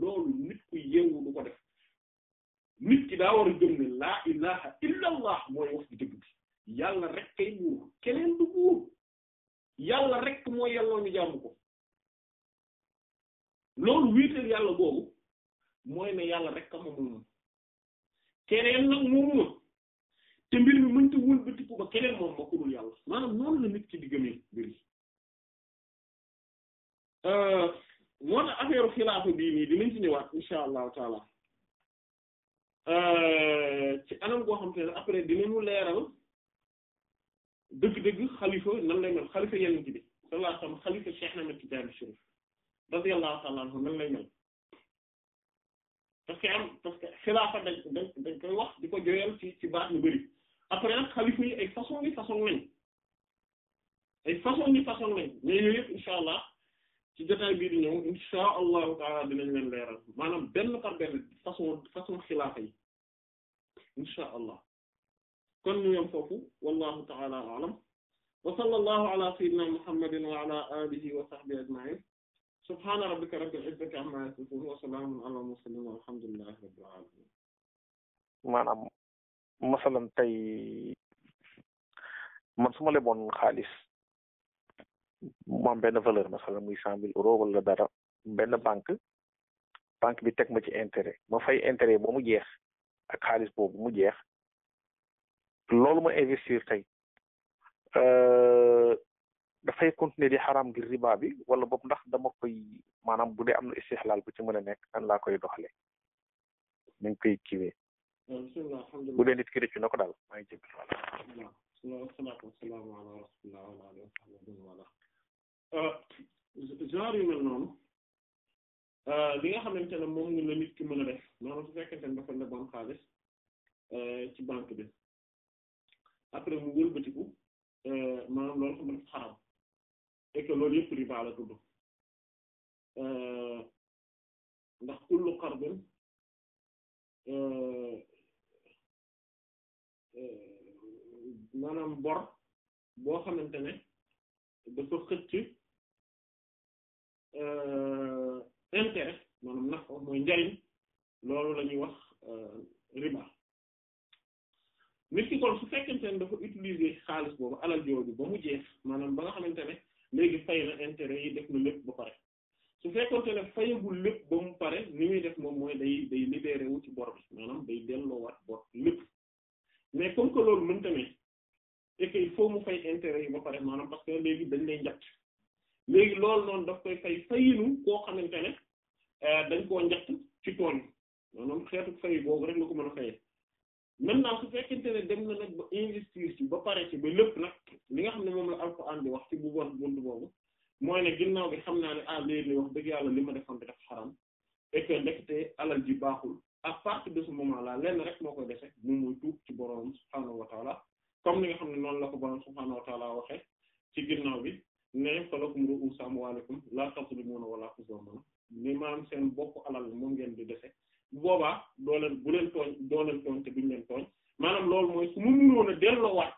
loolu nit ku yeewu du ko def nit ki daa war a gëm ne laa ilaha illa mooy wax di dëgg bi yàlla rek kay buur keneen du buur yàlla rek mooy yàlloo ñu jàmm ko loolu wiiteel yàlla boobu mooy ne yàlla rek ka ma moom keneen nag moomu ci mbir mi mënta wëlbatiku ba keneen moom ba ku dul yàlla maanaam noonu la nit ki di gëmee mbir mi euh, moo tax affaire xilaafa bii nii dinañ ci ñëwaat insha allahu taala euh, ci anam goo xam te ne leeral dëgg-dëgg xalifa nan lay mel xalifa yenn ci bi sallallahu alayhi wa sallam nan lay mel parce am parce xilaafa dañ dañ dañ koy wax di ko joyal ci ci baat yu après nak xalif yi ay façon ni façon lañ ay façon ni façon lañ mais yooyu inshallah ci jotaay bi di ñëw inshallah taala dinañ leen leeral manam benn par benn façon façon khilafa yi inshallah kon ñu yem fofu wallahu taala alam wa sallallahu ala sayyidina muhammadin wa ala alihi wa sahbihi ajma'in subhana rabbika rabbil izzati amma yasifun wa salamun ala al mursalin walhamdulillahi rabbil alamin maanaam masalan tey man su ma leboon xaalis mu am benn valeur masalan muy cent mille euros wala dara benn banque banque bi teg ma ci intérêt ma fay intérêt ba mu jeex ak xaalis boobu mu jeex loolu ma investir tey euh, dafay continuer di xaraam ngir riba bi wala boob ndax dama koy maanaam bu dee am na istixlaal bu ci mën a nekk nan laa koy doxalee nañ koy kiwee bu dee nit ki rëccu na ko daal maa ngi jégg wala wasalaatu wasalaamu ala rasulillah wala alihi wa sahbihi wala euh, genre yu mel noonu euh, li nga xamante ne moom la nit ki mën a def maanaam su fekkente ne dafa leboon xaalis euh, ci banque bi après mu wëlbatiku maanaam loolu xam nga dafa xaram et que loolu yëpp riba la tudd ndax kullu qardin Euh, maanaam bor boo xamante ne dafa xëcc euh, intérêt maanaam nax ko mooy njariñ loolu la ñuy wax euh, riba nit ki kon su fekkente dafa utiliser xaalis boobu alal jooju ba mu jeex maanaam ba nga xamante ne léegi fay na intérêt yi def na lépp ba pare su fekkonte fayagul lépp ba mu pare ni muy def moom mooy day day libéré ci bor bi maanaam day delloowaat bor lépp mais comme que loolu mënta ne et que faut mu fay intérêt yi ba pare maanaam parce léegi dañ lay njatt léegi loolu noonu daf koy fay fayinu koo xamante ne euh, dañ koo njatt ci tool maanaam xeetu fay boobu rek la ko mën a fayee maintenant su fekkente ne dem na nag ba investir ci ba pare ci ba lépp nag li nga xam ne moom la Alxuraan di wax ci bu bon bunt boobu mooy ne ginnaaw bi xam naa ne ah léegi wax dëgg yàlla li ma defoon bi dafa xaram et que ndekete baaxul à partir de ce moment-là lenn rek moo koy dese moom mooy tuub ci boroom subhaanahu wa taala comme ni nga xam ne noonu la ko boroom subhaanahu wa taala waxe ci ginnaaw bi ne falakum ru'uusu amwaalikum laa tazlimuuna wa laa tuzlamuuna ni maam seen bopp alal moom ngeen di dese bu boobaa doo bu leen tooñ doo leen tooñ te duñ leen tooñ maanaam loolu mooy su mu mënoon a delloowaat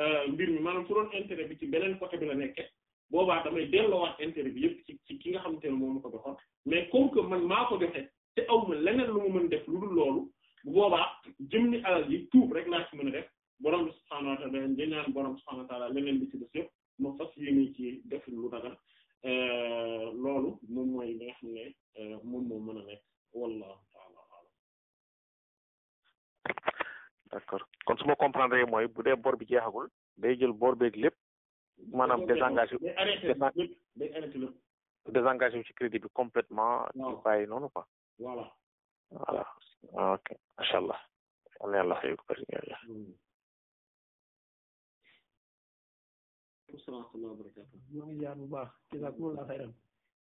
euh, mbir mi maanaam su doon intérêt bi ci beneen côté bi la nekke boobaa damay delloowaat intérêt bi yëpp ci ci ki nga xamante ne moom ma ko joxoon mais comme que man maa ko joxe te aw ma leneen lu mu mën def lu dul loolu bu boobaa jëm ni alal yi tuub rek laa ci mën a def borom bi subhaanahu wa ta'aala di ñaan borom ci def yëpp euh, moom euh, moom mën a nekk wallahu ta'aala a'lam d'accord kon su ma comprendre mooy bu dee bor bi jeexagul day jël bor beeg lépp maanaam désengagé day arrêté lépp ci crédit bi complètement ci bàyyi noonu quoi voilà voilà ah, ok macha allah am na yàlla xëy ko bëri jërëjëf maa ngi jaar bu baax jazakumullah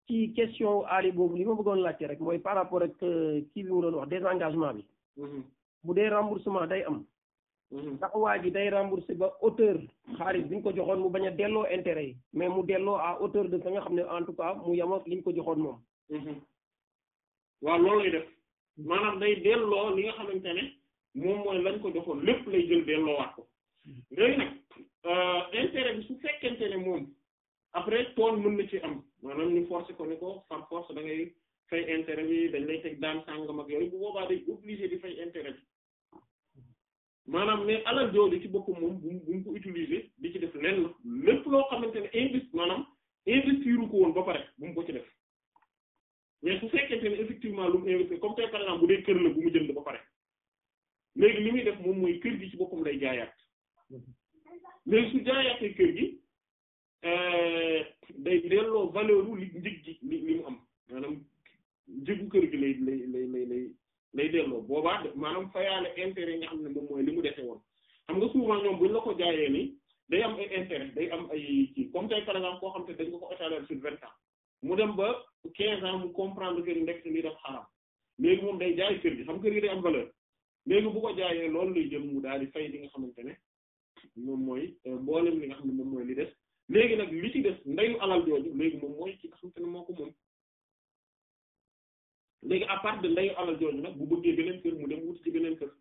ci question aali boobu li ma bëggoon laajte rek mooy par rapport ak euh, kii bi mu doon wax engagement bi mm-hmm. bu dee remboursement day am mm-hmm. ndax waa ji day remboursé ba hauteur xaalis bi ñu ko joxoon mu bañ a delloo intérêt yi mais mu delloo à hauteur de ka nga xam ne en tout cas mu yem ak li ñu ko joxoon moom mm-hmm. waaw loolu lay def maanaam day delloo li nga xamante ne moom mooy lañ ko joxoon lépp lay jël delloowaat ko léegi nag euh, intérêt bi su fekkente ne moom après tool mën na ci am maanaam ñu forcé ko ni ko par force da ngay fay intérêt bi dañ lay teg daan sàngam ak yooyu bu boobaa day obligé di fay intérêt bi maanaam mais alal jooju ci bokk moom bu bu mu ko utiliser di ci def lenn lépp loo xamante ne invest maanaam investiru ko woon ba pare bu mu ko ci def mais su fekkente ne effectivement lu mu investir comme tey par exemple bu kër la bu mu jënd ba pare léegi li muy def moom mooy kër gi ci boppam lay jaayaat léegi su jaayaatee kër gi euh, day delloo valeur li njëg gi li li mu am maanaam njëgu kër gi lay lay lay lay lay lay delloo boobaa maanaam fayaale intérêt nga xam ne moom mooy li mu dese woon xam nga souvent ñoom buñ la ko jaayee ni day am ay intérêt day am ay kii comme tey par exemple koo xam te dañ ko ko su sur vingt ans mu dem ba quinze ans mu comprendre que ni ndekk lii daf xaram léegi moom day jaay kër gi xam kër gi day am valeur léegi bu ko jaayee loolu lay jël mu daal di fay li nga xamante ne moom mooy euh, mboolem li nga xam ne moom mooy li des léegi nag li ci des ndeyu alal jooju léegi moom mooy ci nga xamante ne moo ko moom léegi à part de ndeyu alal jooju nag bu bëggee beneen kër mu dem wuti ci beneen kër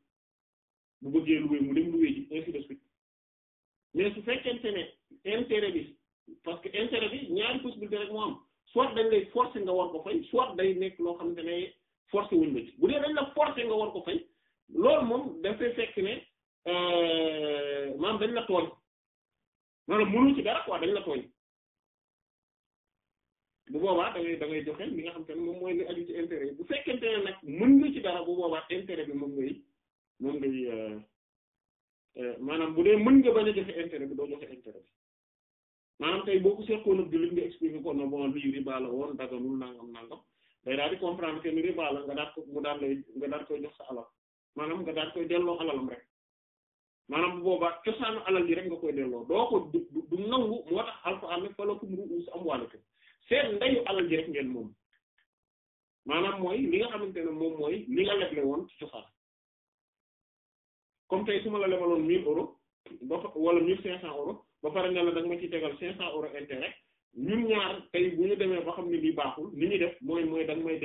bu bëggee loué mu dem loué ji ainsi de mais su fekkente ne intérêt bi parce que intérêt soit dañ lay forcer nga war ko fay soit day nekk loo xamante ne forcer wuñ la bu dee dañ la forcer nga war ko fay loolu moom dafay fekk ne euh, maanaam dañ la tooñ maanaam mënu ci dara quoi dañ la tooñ bu boobaa da ngay joxe li nga xam te ne moom mooy li aju ci intérêt yi bu fekkente ne nag mën nga ci dara bu boobaa intérêt bi moom ngay moom ngay euh, euh, maanaam bu dee mun nga bañ a joxe intérêt bi doo joxe intérêt bi maanaam tey boo ko seqoon ak jullit nga expliqué ko na bon lii riba la woon daganul nangam nangam day daal di comprendre que ni riba la nga daal nga daal koy jox sa alal maanaam nga daal koy delloo alalam rek maanaam bu boobaa cosaanu alal yi rek nga koy delloo doo ko du du nangu moo tax alquran ne falakum ru'uusu amwaalikum seen ndeyu alal ji rek ngeen moom maanaam mooy li nga xamante ne moom mooy li nga leble woon ci cosaan comme tey su ma la lebaloon ba pare ne la da nga ma ciy tegal 500 euros intérêt ñun ñaar tey bu ñu demee ba xam ne lii baaxul li ñu def mooy mooy da nga ci ay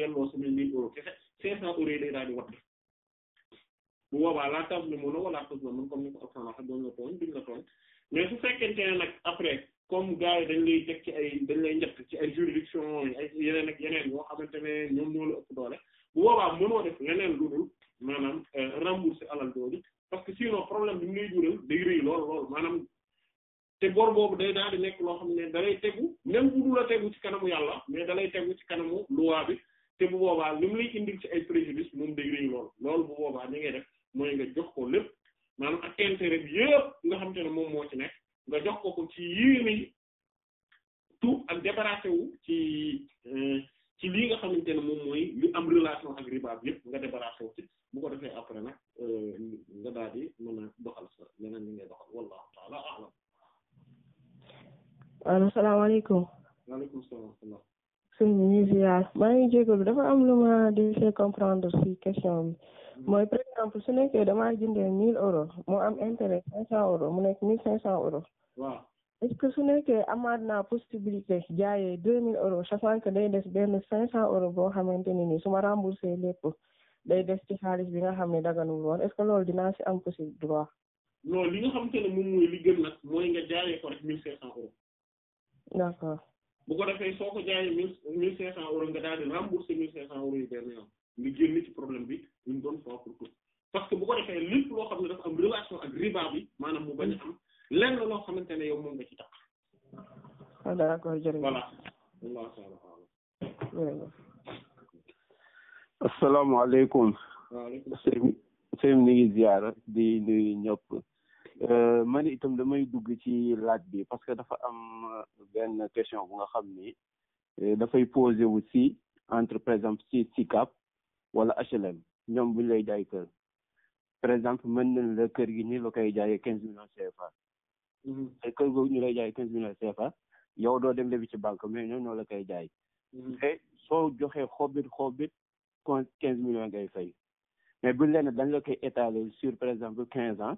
dañ lay njëkk ci ay juridiction yi ay yeneen ak yeneen yoo xamante ne ñoom ñoo ëpp doole bu boobaa mënoo def leneen lu dul maanaam euh, rembourser alal doole parce que sinon problème bi mu lay jural day rëy lool maanaam te boor boobu day daal di nekk loo xam ne da lay tegu même bu dul tegu ci kanamu yàlla mais dalay lay tegu ci kanamu luwaa bi te bu boobaa li mu lay indi ci ay préjudice moom day rëy lool loolu bu boobaa ni ngay def mooy nga jox ko lépp maanaam ak intérêt bi yëpp nga xam ne moom moo ci nekk nga jox ko ko ci yéene yi tout ak débarrassé wu ci euh, ci lii nga xamante ne moom mooy li am relation ak riba bi yëpp nga débarrassé wu ci bu ko defee après nag euh, nga daal di mën a doxal sa leneen li ngay doxal wallahu ta'ala a'lam waaw salaamaaleykum. maaleykum salaam. sëñ bi ñu ziar maa ngi jégalu dafa am lu ma di fee comprendre si question bi mm-hmm. mooy par exemple su nekkee damaa jëndee 1000 euros moo am intérêt 500 euros mu nekk 1500 euros. waaw est-ce que su nekkee amaat naa possibilité jaayee 2000 euros sachant que day des benn 500 euro boo xamante ne nii su ma remboursé lépp day des ci xaalis bi nga xam ne daganul woon est-ce que loolu dinaa si am possible droit. non li nga xamante ne moom mooy d'accord bu ko defee soo ko jaayee mille mille cinq cent euros nga daal di rembourser mille cinq cent euros yi benn yoon nga génn ci problème bi ñu parce que bu defee lépp loo xam ne dafa am relation ak riba bi maanaam mu bañ am lenn loo xamante ne yow moom nga ci tax. Ah, d'accord jërëjëf voilà. asalaamaaleykum. waaleykum salaam. sëñ bi ñu ngi di ñëpp. man itam damay dugg ci laaj bi parce que dafa am euh, question bu nga xam euh, entre par exemple si SICAP wala HLM lay par exemple kër millions CFA. Mm-hmm. kër googu ñu lay jaay quinze millions CFA yow dem ci banque mais ñoo la jaay. Mm-hmm. xobit xobit 15 millions de fay mais buñ leen dañ sur par exemple quinze ans.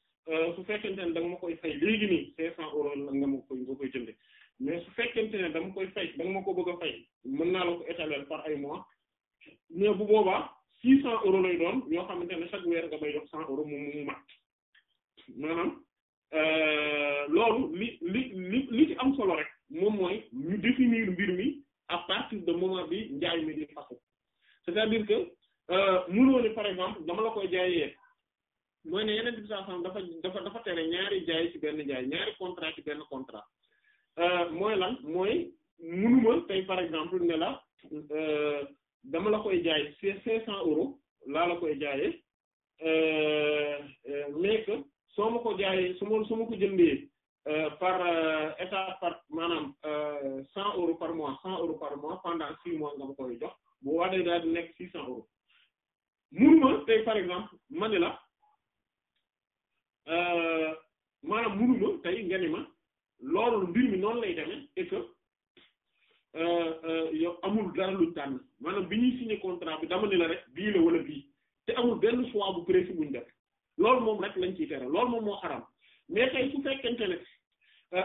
Euh, su fekkente ne da ma koy fay léegi nii cinq cent euros la nga ma koy nga koy jënde mais su fekkente ne dama koy fay danga ma ko bëgg a fay mën naa la ko étaler par ay mois mais bu boobaa six cent euros lay doon yoo xamante ne chaque weer nga may jox cent euros moom mu mat maanaam euh, loolu li li li li ci am solo rek moom mooy ñu définir mbir mi à partir de moment bi njaay mi di façon c'est-à-dire que euh, mënoo ne par exemple dama la koy jaayee mooy ne yeneen bi saa xam dafa dafa dafa tere ñaari jaay ci benn jaay ñaari contrat ci benn contrat euh, mooy lan mooy munuma tey par exemple ne la euh, dama la koy jaay cinq euros laa la koy jaayee euh, mais que soo ko jaayee su ma ko par état par maanaam 100 euros par mois 100 euros par mois pendant six mois nga ma koy jox bu waa da daal di nekk six cent euros munuma tey par exemple Euh, maanaam munuma tey nga ni ma loolu mbir mi noonu lay deme et euh, euh, yow amul dara lu tànn maanaam bi ñuy signé contrat bi dama ni la rek bii la wala bii te amul benn choix bu précis buñ def loolu moom rek lañ ciy tere loolu moom moo xaram mais tey su fekkente ne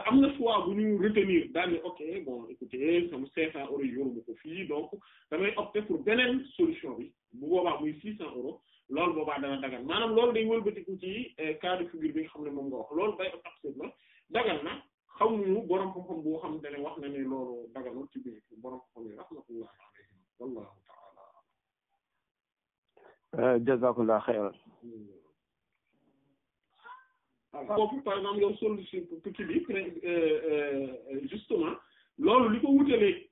am na choix bu ñuy retenir daal ni ok bon écoutez sama 500 euros yoruma ko fii donc damay opter pour beneen solution bi bu boobaa muy 600 euros. loolu boobaa dana dagan maanaam loolu day wëlbatiku ci eh, cas de figure bi nga xam ne moom nga wax loolu bay taxsir la dagan na xamuñu borom xam-xam boo xamante ne wax na ne loolu daganul ci biir borom xam-xam yi rahmatullah alayhim wallahu ta'ala eh, jazakallah khayran hmm. ah, foofu par exemple yow solution tukki bi eh, justement loolu li ko wutalee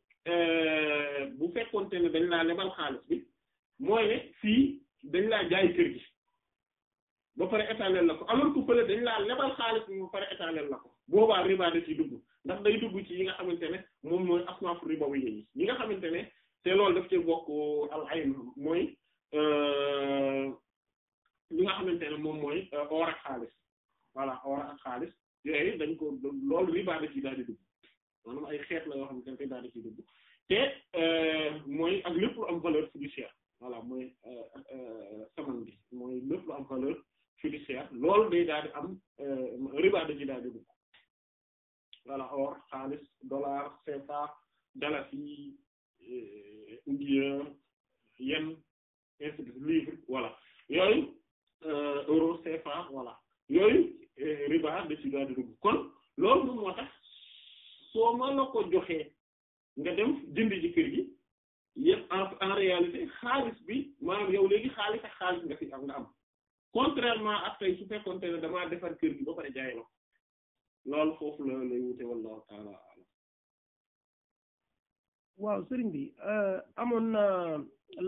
bu fekkonte ne dañ laa lebal xaalis bi mooy ne fii dañ laa jaay kër gi ba pare étaler la ko alors que fële dañ laa lebal xaalis bi ba pare étaler la ko boobaa riba da ciy dugg ndax day dugg ci yi nga xamante ne moom mooy asnaaf riba wu yi yi nga xamante ne te lool daf ci bokk al ayn mooy euh, li nga xamante ne moom mooy euh, or ak xaalis voilà or ak xaalis yooyu dañ ko loolu riba da ciy daal di dugg maanaam ay xeet la yoo xamante ne te di ciy dugg te euh, mooy ak lépp lu am valeur fiduciaire voilà mooy euh, euh, saman bi mooy lépp lu am valeur fiduciaire loolu day daal di am euh, riba da ci daal di dugg or xaalis dollar CFA dalasi india yen ainsi de livre voilà yooyu euro CFA voilà yooyu riba da ci daal di kon loolu moom moo soo ma la ko joxee nga dem jënd ci kër gi yëpp en en réalité xaalis bi maanaam yow léegi xaalis ak xaalis nga fi am nga am contrairement ak tey su fekkoon damaa defar kër gi ba pare jaay ma loolu foofu la lay wute wallahu taala alam waaw sëriñ bi euh, amoon na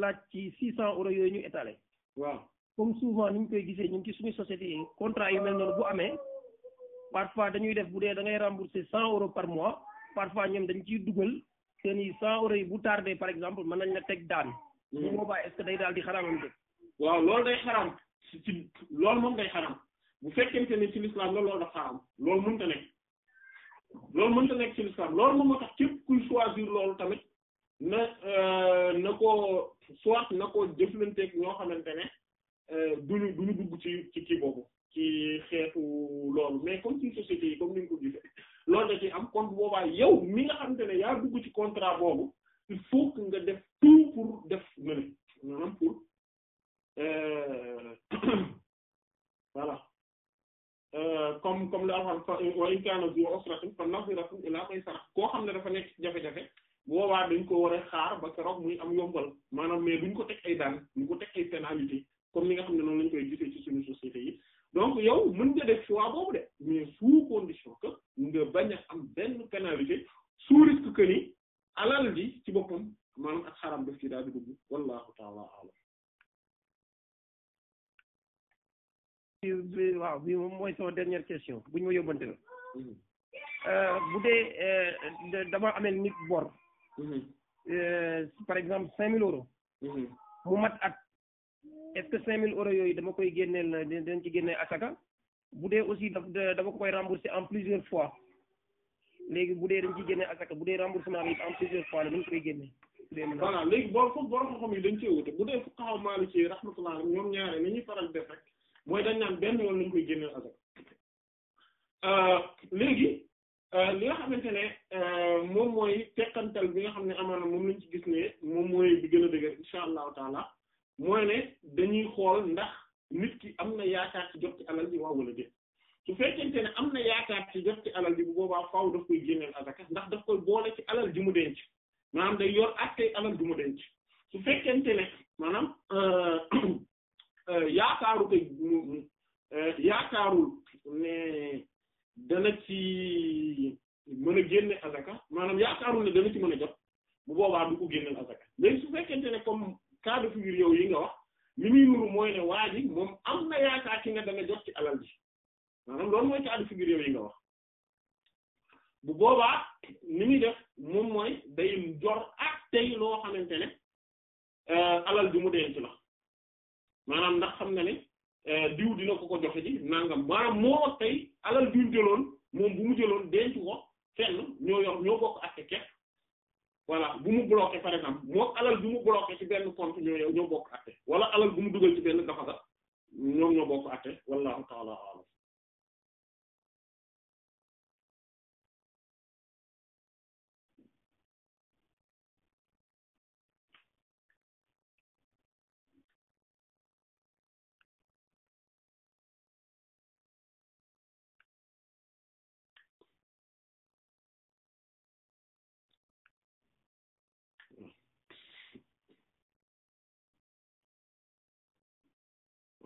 laaj ci six cent euros yooyu ñu étalé. waaw comme souvent ni ñu koy gisee ñun ci suñu société yi contrat yu mel noonu bu amee parfois dañuy def bu dee da ngay rembourser cent euros par mois parfois ñoom dañ ciy dugal. seen ni cent euros yi bu tardé par exemple man nañ la teg daan. Hmm. bu boobaa est-ce day daal di xaraamam de. waaw lool day xaraam ci ci loolu moom day xaraam bu fekkente ne ci l'islam la loolu dafa xaraam loolu mënta nekk loolu mënta nekk ci l'islam loolu moom moo tax loolu tamit na euh, na ko soit na ko jëflanteeg ñoo xamante ne euh, duñu duñu dugg ci ci kii boobu ci xeetu loolu mais comme ci société yi comme ni nga ko gisee. loolu da ci am comme boobaa yow mi nga xamante ne yaa dugg ci contrat boobu il faut que nga def tout pour def lële maanaam pour euh, voilà euh, comme comme la alxam wa in kaana zu usratin fa naziratun ilaa koo xam ne dafa nekk jafe-jafe boobaa dañ ko war a xaar ba keroog muy am yombal maanaam mais duñ ko teg ay daan duñ ko teg ay pénalité comme ni nga xam ne noonu lañ koy gisee ci suñu société yi donc yow mën nga def choix boobu de mais sous condition que nga bañ a am benn pénalité sous risque que ni alal ji ci boppam maanaam ak xaram daf ci daal di dugg wallahu taala waaw bi moom mooy sama dernière question bu ñu ma yóbbante la mm-hmm. euh, bu dee euh, dama amel nit bor mm-hmm. euh, par exemple cinq mille euros mm-hmm. mu mat at est-ce que cinq mille euros yooyu dama koy génneel dañ ci génne asaka bu dee aussi dama ko koy rembourser en plusieurs fois léegi bu dee dañ ci génnee asaka bu dee remboursement bi en plusieurs fois la dañ koy génnee. voilà léegi boo yi dañ cee wute bu dee fuqaha maliki rahmatullah ñoom ñaare li ñuy faral def rek mooy dañ naan benn yoon lañ koy génneel asaka euh, léegi euh, li nga xamante ne euh, moom mooy teqantal bi nga xam ne amaan amaana moom lañ ci gis ne moom mooy bi gën a dëgër incha allahu taala. mooy ne dañuy xool ndax nit ki am na yaakaar ci jot ci alal ji waaw wala déet su fekkente ne am na yaakaar ci jot ci alal ji bu boobaa faaw daf koy génneel azaka ndax daf koy boole ci alal ji mu denc maanaam day yor àttee alal ji mu denc su fekkente ne maanaam euh, euh, yaakaaru koy euh, yaakaarul ne dana ci mën a génne azaka maanaam yaakaarul ne dana ci mën a jot bu boobaa du ko génneel azaka léegi su fekkente ne comme cas de figure yow yi nga wax li muy nuru mooy ne waa ji moom am na yaakaar ci ne dana jot ci alal ji maanaam loolu mooy cas de figure yow yi nga wax bu boobaa ni muy def moom mooy day jor ak tey loo xamante ne euh, alal ji mu denc la maanaam ndax xam na ne euh, diw dina ko ko joxe ji nangam maanaam moo tey alal juñ jëloon moom bu mu jëloon denc ko fenn ñoo yor ñoo bokk ak kepp voilà bu mu bloqué par exemple moom alal bu mu bloqué ci benn compte ñoo ñoo bokk àtte wala alal bu mu dugal ci benn dafa ñoom ñoo bokk àtte wallahu ta'ala a'lam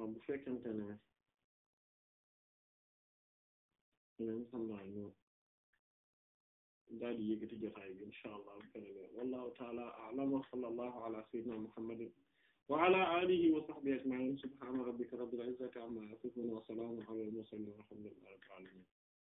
bu fekkente ne dinañ sàmbaay ñoom daal di yëkkati jotaay bi insha allah wallahu taala a'lam wa sallallahu ala sayyidina muhammadin wa ala alihi wa sahbihi ajma'in subhana rabbika rabbil izzati amma yasifun wa salamun ala al mursalin walhamdulillahi rabbil alamin